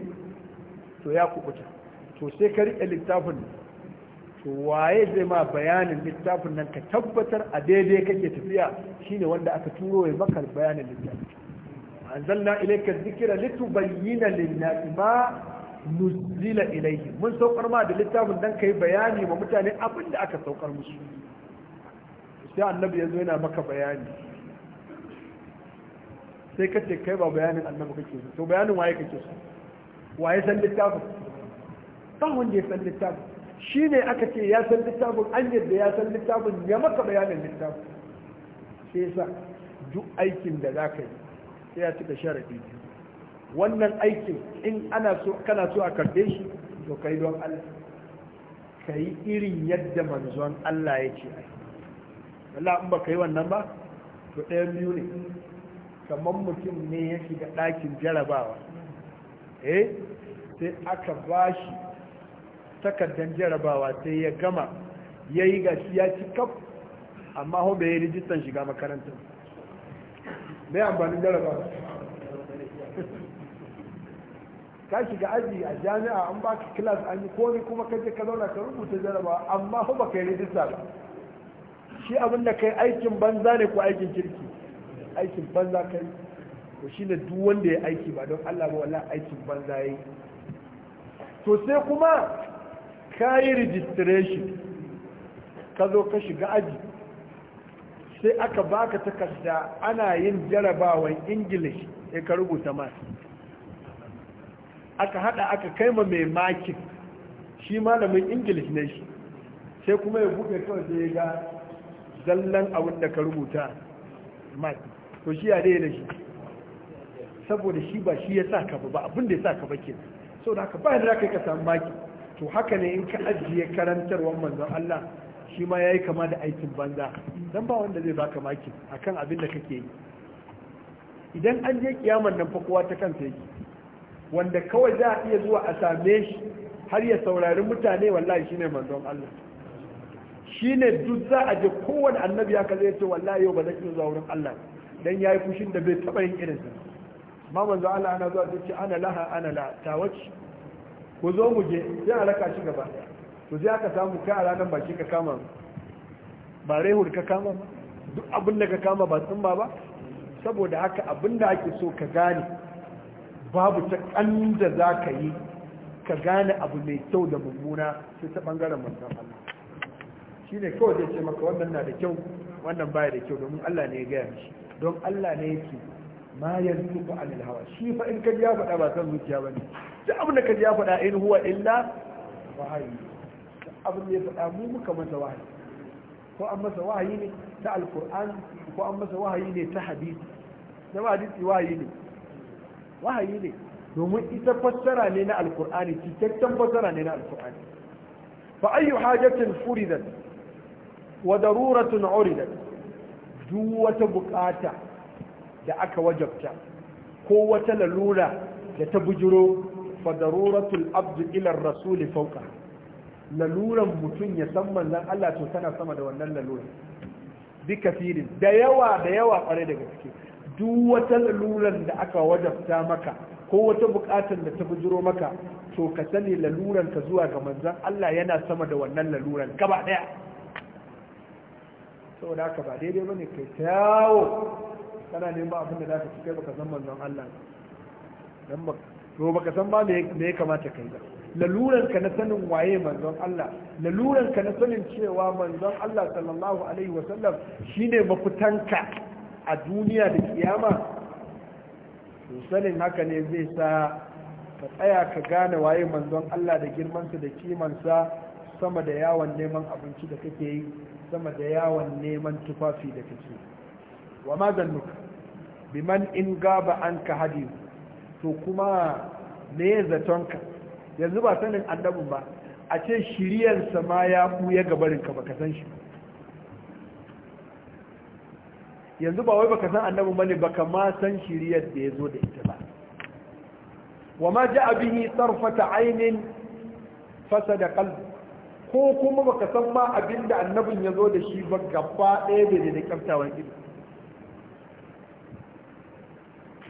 to ya kubuta to sai ka rike littafin to waye zai ma bayanin littafin nan ka tabbatar a daidai kake tafiya shine wanda aka turo ya maka bayanin littafin anzalna ilayka dhikra litubayyana lin-nasi ma nuzila ilaihi mun saukar ma da littafin dan kai bayani wa mutane abin da aka saukar musu sai annabi yanzu yana maka bayani sai ka ce kai ba bayanin annabi kake so to bayanin waye kake so waye san littafin ba wanda ya san littafin shi ne aka ce ya san littafin an yadda ya san littafin ya maka bayanin littafin sai sa duk aikin da za ka yi sai ya cika sharaɗi biyu wannan aikin in ana so kana so a karbe shi to kai don Allah kai irin yadda manzon Allah ya ce Allah in baka yi wannan ba to ɗayan biyu ne kamar mutum ne ya shiga ɗakin jarabawa eh sai aka shi takardan jarabawa sai ya gama ya yi shi ya ci kaf amma ho bai yi rijistan shiga makarantar bai amfanin jarabawa ka shiga aji a jami'a an baka class an yi komai kuma ka je ka zauna ka rubuta jarabawa amma fa baka yi rijista ba shi abin da kai aikin banza ne ko aikin kirki aikin banza kai to ne duk wanda ya aiki ba don Allah ba wallahi aikin banza yayi to sai kuma ka yi registration ka zo ka shiga aji sai aka baka takarda ana yin jarabawan english sai ka rubuta masu aka hada aka kai ma mai makin shi malamin english ne shi sai kuma ya buɗe kawai sai ya ga zallan abin da ka rubuta makin to shi ya daina shi saboda shi ba shi ya sa ka ba abin da ya sa ka ba ke so da haka ba da kai ka samu makin to haka ne in ka ajiye karantarwar manzon Allah shi ma yayi kama da aikin banza dan ba wanda zai baka maki akan abin da kake yi idan an je kiyaman nan fa kowa ta kansa yake wanda kawai za a iya zuwa a same shi har ya saurari mutane wallahi shine manzon Allah shine duk za a je kowanne annabi haka zai ce wallahi yau ba zan iya zuwa wurin Allah dan yayi fushin da bai taba yin irin sa amma manzon Allah ana zuwa duk ce ana laha ana la tawaci ku zo mu je sai a raka shi gaba to sai aka samu kai a ranar ba shi ka kama ba rehur ka kama duk abin da ka kama ba tsumma ba saboda haka abin da ake so ka gane babu ta da za ka yi ka gane abu mai kyau da mummuna sai ta bangaren manzon Allah shi ne kawai zai ce maka wannan na da kyau wannan baya da kyau domin Allah ne ya gaya mishi don Allah ne yake ma yanzu ku anil hawa shi fa in ka ya faɗa ba san zuciya ba ne duk abin da ka ya faɗa in huwa illa wahayi duk abin da ya faɗa mu muka masa wahayi ko an masa wahayi ne ta alkur'an ko an masa wahayi ne ta hadisi na hadisi wahayi ne wahayi ne domin ita fassara ne na alkur'ani cikakken fassara ne na alkur'ani fa ayyu hajatin furidat wa daruratun uridat duk wata bukata da aka wajabta ko wata lalura da ta bujiro fa daruratul abdu ila rasuli fawqa laluran mutun ya san manzon Allah to tana sama da wannan laluran bi kafirin da yawa da yawa kware da gaske duk wata laluran da aka wajabta maka ko wata bukatar da ta bujiro maka to ka sani laluran ka zuwa ga manzan Allah yana sama da wannan laluran gaba daya saboda haka ba daidai bane kai tawo kana neman abin da zaka ci kai baka san manzon Allah dan ba to baka san ba me me ya kamata kai ba laluran ka na sanin waye manzon Allah laluran ka na sanin cewa manzon Allah sallallahu alaihi wasallam shine mafutanka a duniya da kiyama sanin haka ne zai sa ka tsaya ka gane waye manzon Allah da girmansa da kimansa sama da yawon neman abinci da kake yi sama da yawon neman tufafi da kake wa ma nuka? biman in gaba an ka hadi to kuma me zatonka yanzu ba sanin annabin ba a ce shiriyarsa ma ya ɓuya gabarinka ba ka san shi ba yanzu ba wai baka san annabi bane baka ma san shiriyar da yazo da ita ba wama ja'a bihi tarfata aynin fasada qalbi ko kuma baka san ma abinda annabin yazo da shi ba gaba ɗaya da da kaftawan ido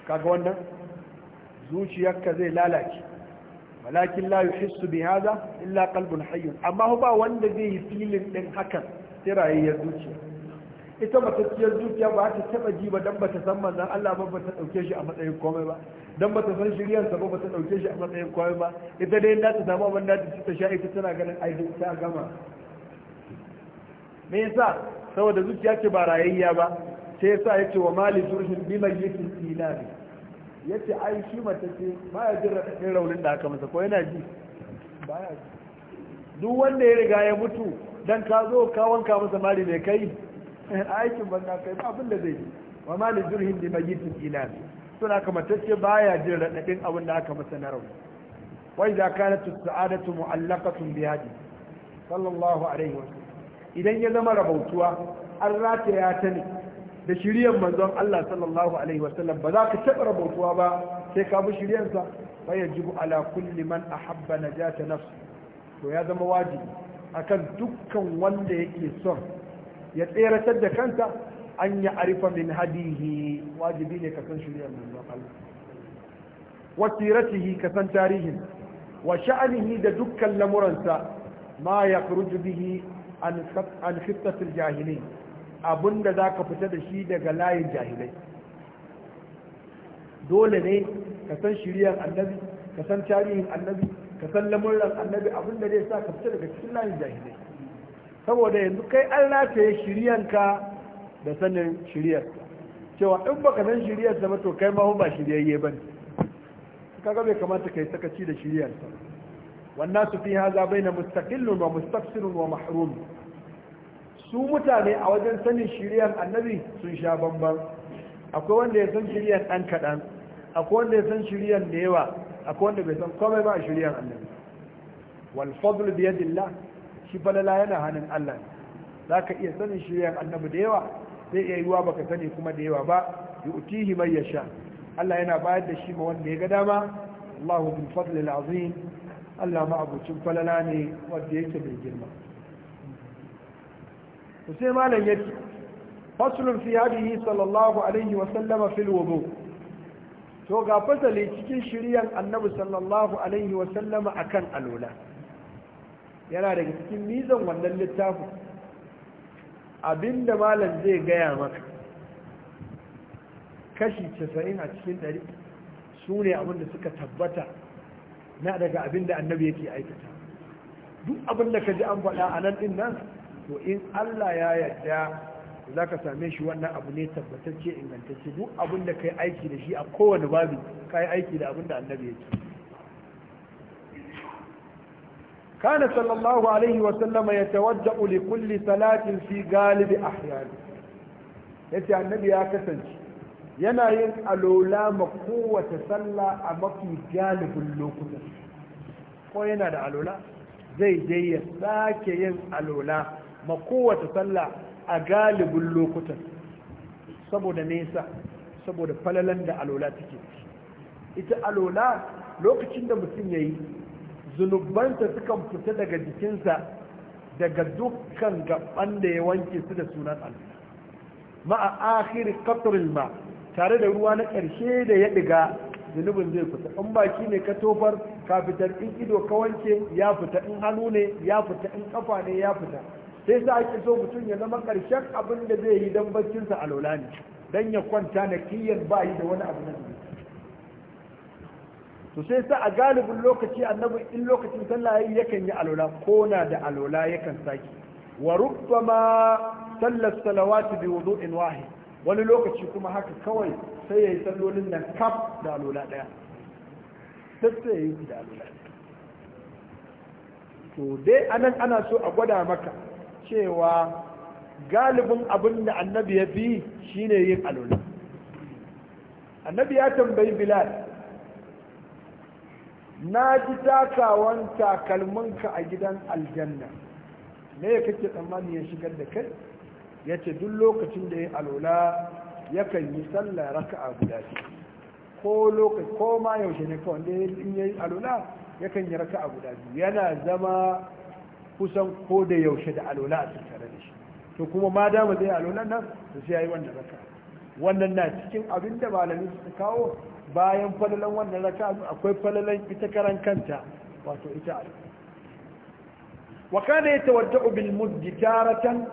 kaga wannan zuciyarka zai lalace walakin la yuhissu bi hadha illa qalbun hayy amma ba wanda zai yi filin din hakan sai rayayyar zuciya ita matacciyar zuciya ba ta taba ji ba dan ba ta san manzon Allah ba ba ta dauke shi a matsayin komai ba dan ba ta san shiriyar sa ba ba ta dauke shi a matsayin komai ba ita dai da ta samu abin da ta ci ta sha ita tana ganin ai ta gama me yasa saboda zuciya ce ba rayayya ba sai yasa yace wa mali jurhin bi mayyitin tilabi yace ai shi ce. ba ya jin raunin da aka masa ko yana ji ba ya ji duk wanda ya riga ya mutu dan ka zo ka wanka masa mali mai kai aikin banza kai ba abin da zai yi wa ma li zurhin li ne suna kamatacce baya jin raɗaɗin abin da aka masa na rauni wa idza kanat as-sa'adatu mu'allaqatun bi hadi sallallahu alaihi wa idan ya zama rabautuwa an rataya ta ne da shiriyar manzon Allah sallallahu alaihi wa sallam ba za ka taɓa rabautuwa ba sai ka bi shiriyarsa fa yajibu ala kulli man ahabba najata nafsi to ya zama wajibi akan dukkan wanda yake son ya tseratar da kanta an ya arifa min hadihi wajibi ne ka san shiriyar manzon Allah wa siratihi ka san tarihin wa sha'anihi da dukkan lamuransa ma ya kuruju bihi an khittatul jahilai abinda za ka fita da shi daga layin jahilai dole ne ka san shiriyar annabi ka san tarihin annabi ka san lamuran annabi abinda zai sa ka fita daga cikin layin jahilai saboda yanzu kai an rataye shiriyanka da sanin shiriyarsa cewa in baka san shiriyarsa ba to kai ma ba shiriyayye ba ne suka bai kamata kai sakaci da shiriyarsa wannan su fi haza bai na mustaqillun wa mustaqsirun wa mahrum su mutane a wajen sanin shiriyar annabi sun sha bamban akwai wanda ya san shiriyar ɗan kaɗan akwai wanda ya san shiriyar da yawa akwai wanda bai san komai ba a shiriyar annabi wal fadl bi yadillah shi falala yana hannun Allah za ka iya sanin shiryan annabi da yawa zai iya yiwuwa baka sani kuma da yawa ba Yi yu'tihi man yasha Allah yana bayar da shi ma wanda ya ga dama Allahu bil fadlil azim Allah ma abucin falala ne wanda yake mai girma sai malam yace faslun fi hadihi sallallahu alaihi wa sallama fil wudu to ga fasali cikin shiryan annabi sallallahu alaihi wa sallama akan alula yana daga cikin mizan wannan littafin abinda malam zai gaya maka kashi 90 a cikin 100 su ne abinda suka tabbata na daga abinda annabi yake aikata duk abinda ka ji an faɗa a nan ɗin nan to in allah ya yarda za ka same shi wannan abu ne tabbatacce ingantacce duk abinda ka yi aiki da shi a kowane babi ka yi aiki da abinda annabi yake كان صلى الله عليه وسلم يتوجأ لكل صلاة في غالب أحيانه yace annabi ya kasance yana yin alola ma kowace sallah a mafi galibin lokuta ko yana da alola zai je ya sake yin alola ma kowace sallah a galibin lokutan saboda nesa saboda falalan da alola take ita alola lokacin da mutum ya yi zunubansa sukan fita daga jikinsa daga dukkan gaban da ya wanke su da sunan Allah ma'a akhiri qatril ma tare da ruwa na ƙarshe da ya diga zunubin zai fita in baki ne ka tofar ka fitar in ido ka wanke ya fita in hannu ne ya fita in kafa ne ya fita sai sa ake so mutum ya zama ƙarshen abin da zai yi dan baccinsa alola ne dan ya kwanta na kiyar ba yi da wani abu na to sai sa a galibin lokaci annabi in lokacin sallah yayi yakan yi alola ko na da alola yakan saki wa rubbama sallat salawati bi wudu'in wahid wani lokaci kuma haka kawai sai yayi sallolin nan kaf da alola daya sai sai yayi da alola to dai anan ana so a gwada maka cewa galibin abin da annabi ya bi shine yin alola annabi ya tambayi bilal na ji takawan takalminka a gidan aljanna me ya kake tsammani ya shigar da kai ya ce duk lokacin da ya alola yakan yi sallah raka'a guda ce ko lokaci ko ma yaushe ne kawai da in yi alola yakan yi raka'a guda biyu yana zama kusan ko da yaushe da alola a tattare da shi to kuma ma dama zai alola nan to sai yayi wannan raka'a wannan na cikin abin da malami suka kawo bayan falalan wannan raka akwai falalan ita karan kanta wato ita wa kana yatawadda'u bil muddi taratan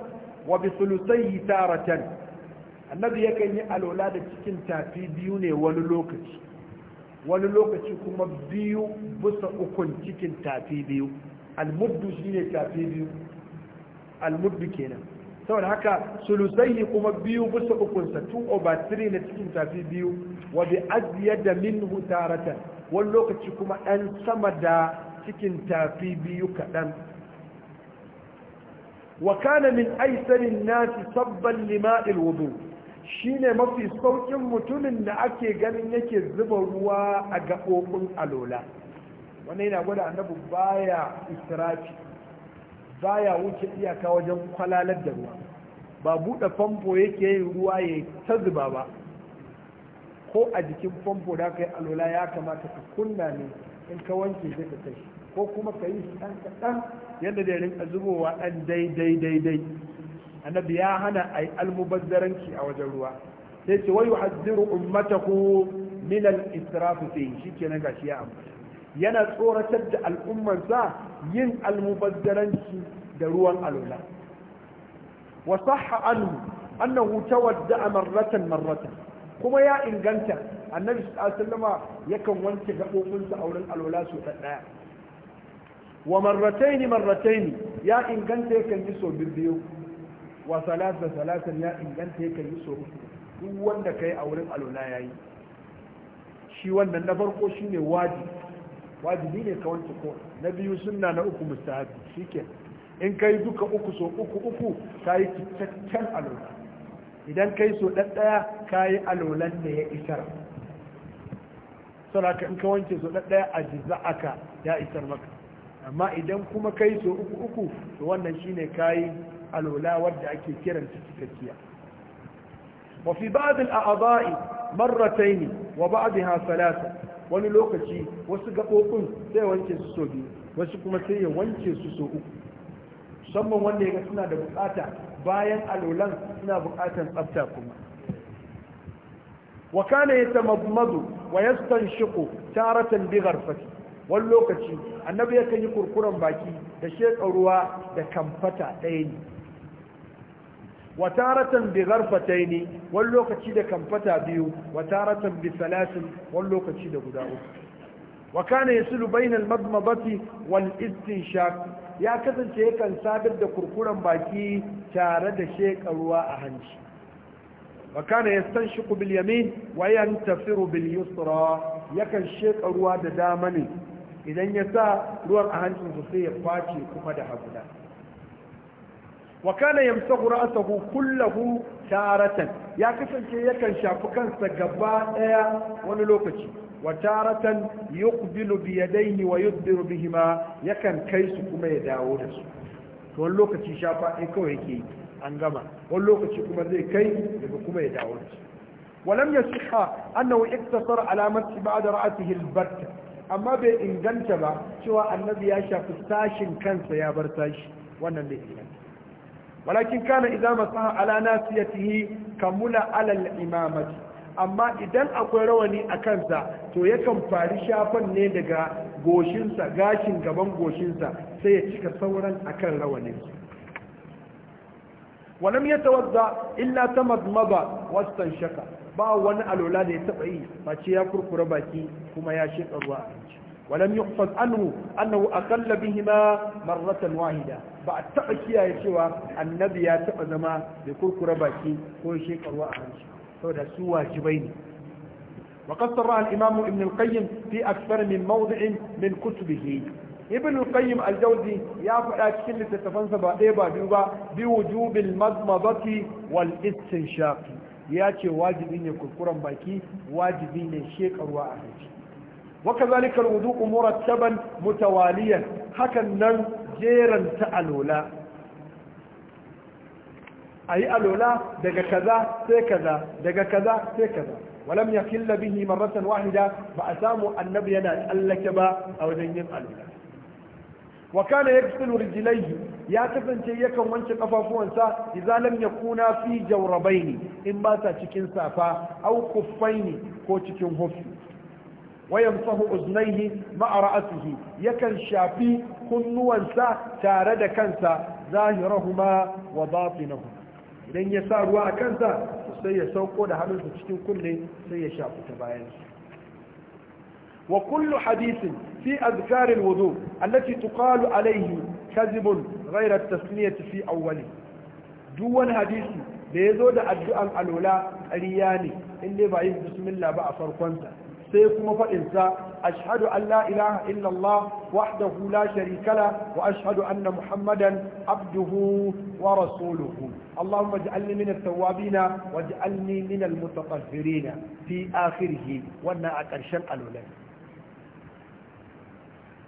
wa bi thuluthayhi taratan annabi yakan yi alola da cikin tafi biyu ne wani lokaci wani lokaci kuma biyu bisa ukun cikin tafi biyu almuddu shine tafi biyu almuddu kenan saboda haka sulusai ne kuma biyu bisa ukunsa 2 over 3 na cikin tafi biyu wa ajiye da min hutarata wani lokaci kuma ɗan sama da cikin tafi biyu kaɗan wa kana min aisarin nasi sabban lima'il wudu shine mafi sauƙin mutumin da ake ganin yake zuba ruwa a gaɓoɓin alola Wani yana gwada annabi baya israfi baya wuce iyaka wajen kwalalar da ruwa ba buɗe famfo yake yin ruwa ya ta zuba ba ko a jikin famfo da ka yi alola ya kamata ka kunna ne in ka wanke zai ka tashi ko kuma ka yi ɗan kaɗan yadda da rinka zubowa ɗan daidai daidai annabi ya hana a yi almubazzaranci a wajen ruwa sai ce wayu hazziru ummataku min al-israfi shi kenan gashi ya amfani yana tsoratar da al'ummarsa yin almubazzaranci da ruwan alola wa sahha anhu annahu tawadda'a marratan marratan kuma ya inganta annabi sallallahu alaihi wasallama yakan wanke gabobinsa a wurin alola su daya wa marrataini marrataini ya inganta yakan yi so biyu wa salasa salasan ya inganta yakan yi so uku duk wanda kai a wurin alola yayi shi wannan na farko shine wajibi wajibi ne ka wanke ko na biyu sunna na uku mustahabi shike in kai duka uku so uku uku kai cikakken alola idan kai so daddaya kai alolan da ya isar saboda in ka wanke so daddaya ajza'aka ya isar maka amma idan kuma kai so uku uku to wannan shine kai alola wanda ake kiranta cikakkiya وفي بعض الأعضاء مرتين وبعضها ثلاثة wani lokaci wasu gaɓoɓin sai wanke su so biyu wasu kuma sai ya wanke su so uku musamman wanda ya ga suna da bukata bayan alolan suna bukatan tsafta kuma wa kana yatamammadu wa yastanshiqu taratan bigar fati. wani lokaci annabi yakan yi kurkuren baki da shekaruwa da kamfata ɗaya ne wa taratan bi gharfataini wani lokaci da kamfata biyu wa taratan bi salatin wani lokaci da guda uku wa kana yasulu bainal madmadati wal istinshaq ya kasance yakan sadar da kurkuran baki tare da sheka ruwa a hanci wa kana yastanshiqu bil yamin wa yantafiru bil yusra yakan sheka ruwa da dama ne idan ya sa ruwan a hancinsa sai ya kwace kuma da haguda wa kana yamsahu ra'sahu kullahu taratan ya kasance yakan shafi kansa gaba daya wani lokaci wa taratan yuqbilu bi yadayhi wa yudbiru bihima yakan kai su kuma ya dawo da su to wani lokaci shafa ɗaya kawai yake an gama wani lokaci kuma zai kai daga kuma ya dawo da su ولم يصح أنه اقتصر على مسح بعد رأسه البتة أما بإنجنت با سوى النبي يشاف الساشن كان سيابر ساش وانا اللي إنجنت walakin kana idan masaha ala nasiyatihi kamula ala al-imamati amma idan akwai rawani a kansa to yakan fari shafan ne daga goshinsa gashin gaban goshinsa sai ya cika sauran akan rawani walam ya tawadda illa ta mazmaba wasan shaka ba wani alola da ya taɓa yi face ya kurkura baki kuma ya shiga ruwa abinci ولم يحفظ عنه أنه أقل بهما مرة واحدة بعد تأكيا يشوى النبي يتقدم بكركر باكي كل شيء قروا أهلش هذا سوى جبين وقد صرع الإمام ابن القيم في أكثر من موضع من كتبه ابن القيم الجوزي يفعل كل تتفنسب إيبا بيوبا بوجوب المضمضة والاستنشاق ياتي واجبين كركرا باكي واجبين شيء قروا أهلش وكذلك الوضوء مرتبا متواليا هكا نن جيرا تألولا أي ألولا دقى كذا سي كذا دقى كذا سي كذا ولم يكل به مرة واحدة فأسام النبي أنا ألك با أو دين ألولا وكان يغسل رجليه ya kasance yakan wanke kafafuwansa idza lam yakuna fi jawrabaini in ba ta cikin safa au kuffaini ko cikin hufi ويمصه أذنيه مع رأسه يكن شافي كنوانسا تارد كنسا ظاهرهما وباطنهما إذن يسار وأكنسا سيسوق لهم تشتين كله سيشاف تباين وكل حديث في أذكار الوضوء التي تقال عليه كذب غير التسمية في أوله دون حديث بيزود أدعى الأولى رياني إني بعيد بسم الله بأفر كنسا sai kuma faɗinsa ashadu an la'ilaha illallah wahdahu la kala wa ashadu anna muhammadan abduhu wa rasuluhu allahumma ji'alni mina tawabina wa ji'alni min al-mutaqaffirina fi akhirih wannan a ƙarshen alwala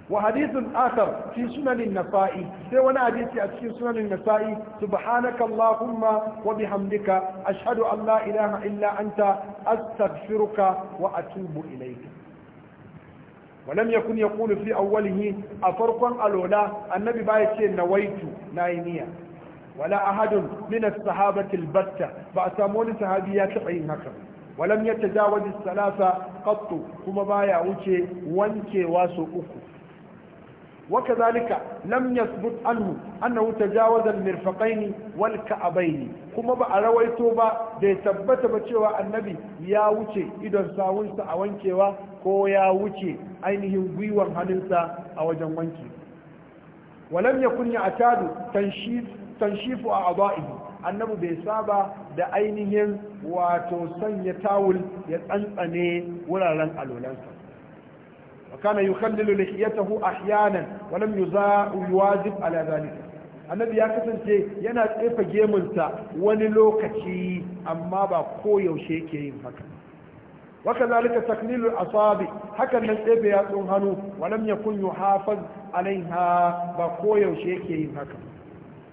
wa hadithun akhar fi sunanin nasa'i sai wani hadisi a cikin sunanin nasa'i subhanaka allahumma wa bihamdika ashhadu an la ilaha illa anta astaghfiruka wa atubu ilayka ولم يكن يقول في أوله أفرقا الأولى النبي بايتي نويت ناينيا ولا أحد من الصحابة البتة بأسامون صحابية تعين هكذا ولم يتجاوز الثلاثة قط كما بايا وكي وانكي واسو uku. وكذلك لم يثبت عنه أنه تجاوز المرفقين والكعبين كما بقى رويته با دي ثبت بشيوة النبي يا وچه إذا ساونسا أوانكوا كو يا وچه أينه قيوا هننسا أو وانكي ولم يكن يعتاد تنشيف تنشيف أعضائه annabu bai saba da ainihin wato sanya tawul ya tsantsane wuraren alolansa وكان يخلل لحيته أحيانا ولم يواجب على ذلك annabi ya kasance yana tsefa gemunsa wani lokaci amma ba yaushe yake yin haka waka zalika taklilu asabi hakan nan tsefe yatsun hannu walam yakun yuhafaz alaiha ba koyaushe yake yin haka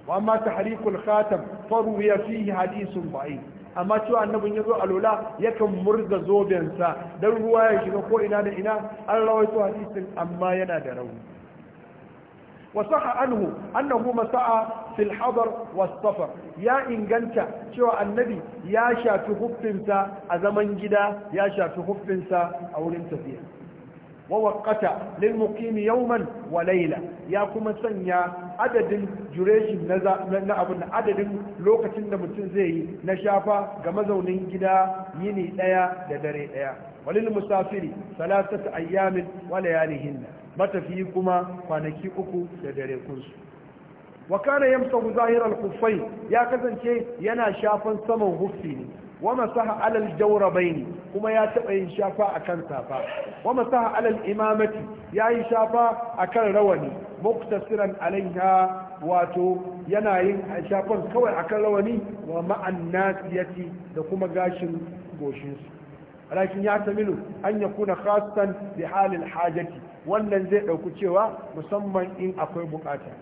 wa amma tahriqul khatam faru ya fihi hadithun da'if amma cewa annabin ya zo a lola yakan murza zobensa don ruwa ya shiga ko ina da ina an rawaito hadisin amma yana da rauni wasu anhu annahu masa'a fil hadar ya inganta cewa annabi ya shafi hufinsa a zaman gida ya shafi huffinsa a wurin tafiya wa waƙata lil muqimi yawman wa layla ya kuma sanya adadin duration na abin adadin lokacin da mutum zai yi na shafa ga mazaunin gida yini ɗaya da dare ɗaya walil musafiri salasata ayyamin wa layalihin matafi kuma kwanaki uku da dare kunsu wa kana yamsahu zahiral ya kasance yana shafan saman huffi ne wa masaha alal jawrabaini kuma ya taba yin shafa akan safa wa masaha alal ya yi shafa akan rawani muktasiran alaiha wato yana yin shafan kawai akan rawani wa ma'an nasiyati da kuma gashin goshin su lakin ya tamilu an yakuna khassan bi halil hajati wannan zai ɗauki cewa musamman in akwai bukata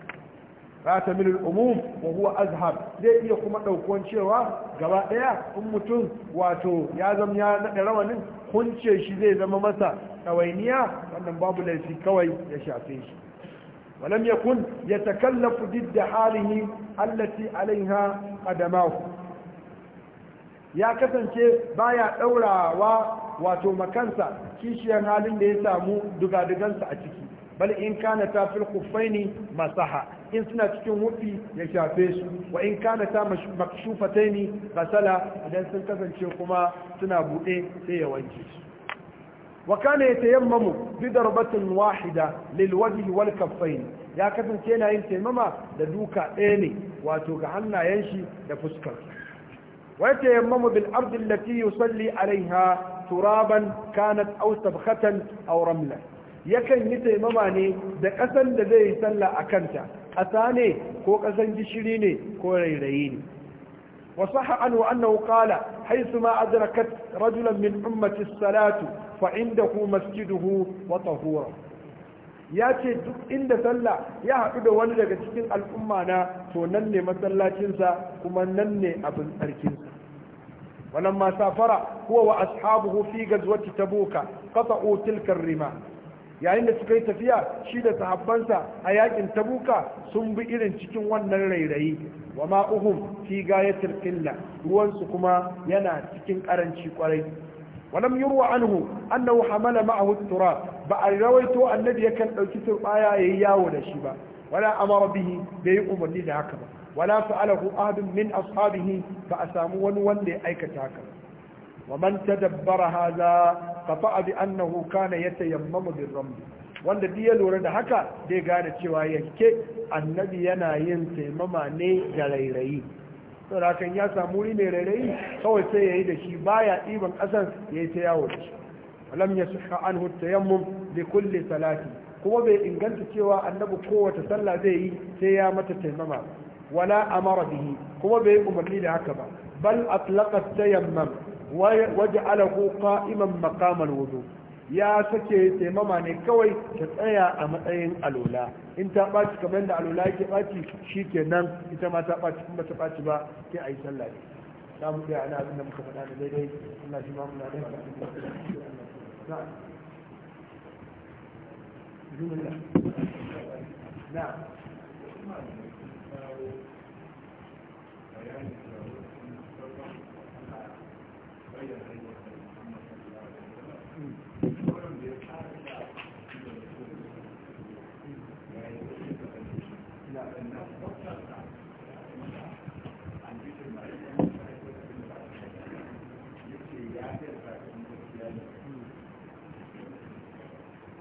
خاتم الأموم azhar zai iya kuma daukon cewa gaba ɗaya in mutum wato ya zama ya naɗa rawanin kunce shi zai zama masa ɗawainiya wannan babu laifi kawai ya shafe shi ولم yakun يتكلف ضد حاله التي عليها قدماه ya kasance baya ɗaurawa wato makansa kishiyar halin da ya samu dugadugansa a ciki bal in kana ta kufaini masaha in suna cikin wufi ya shafe su wa in kana ta makshufatai ne gasala idan sun kasance kuma suna buɗe sai ya wanke su wa kana ya tayammamu bi darbatin wahida lil wajhi wal kaffain ya kasance yana yin taimama da duka ɗaya ne wato ga hannayen shi da fuskar wa ya tayammamu bil ardi allati yusalli alaiha turaban kanat aw sabkhatan aw ramlan yakan yi taimama ne da ƙasan da zai yi sallah a kanta ƙasa ne ko ƙasan gishiri ne ko rairayi ne وصح عنه أنه قال حيثما أدركت رجلا من أمة الصلاة فعنده مسجده وطهوره ya ce duk inda sallah ya haɗu da wani daga cikin al'umma na to nan ne masallacinsa kuma nan ne abin tsarkinsa wannan ma safara huwa wa ashabuhu fi gazwati tabuka qata'u tilka rima yayin da suka yi tafiya shi da sahabbansa a yakin tabuka sun bi irin cikin wannan rairayi wa ma uhum fi gayatil qilla ruwansu kuma yana cikin karanci kwarai ولم يروى عنه أنه حمل معه التراب بأرويت النبي كان أكثر آية ياون شبا ولا أمر به بيقوم لي هكذا ولا فعله أحد من أصحابه فأسامون ولي أيك هكذا ومن تدبر هذا Kafa abi annahu kana yatayammamu bir ramli wanda diya ya lura da haka zai gane cewa yake annabi yana yin taimama ne da rairayi to rakan ya samu wuri mai rairayi kawai sai yayi da shi baya ɗiban kasan yayi ta yawo da shi lam yasihha anhu tayammum li kulli salati kuma bai inganta cewa annabi kowace sallah zai yi sai ya mata taimama wala amara bihi kuma bai umarni da haka ba bal atlaqa yamma. waje qa'iman maqamal wudu ya sake taimama ne kawai ta tsaya a matsayin alula in ta ɓaci kamar da alula yake ɓaci shi ita ma ta ɓaci kuma ta ɓaci ba sai a sallah ne za mu ana abin da muka faɗa da daidai Allah shi ma muna da na'am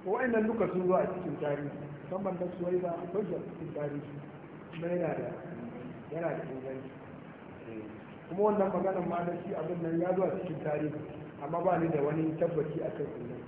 wa'annan duka sun zuwa a cikin tarihi musamman da suwai ba a cikin tarihi kuma yana da yana da inganci kuma wannan maganar ma na shi abin nan ya zuwa cikin tarihi amma ba ni da wani tabbaci a kan sunan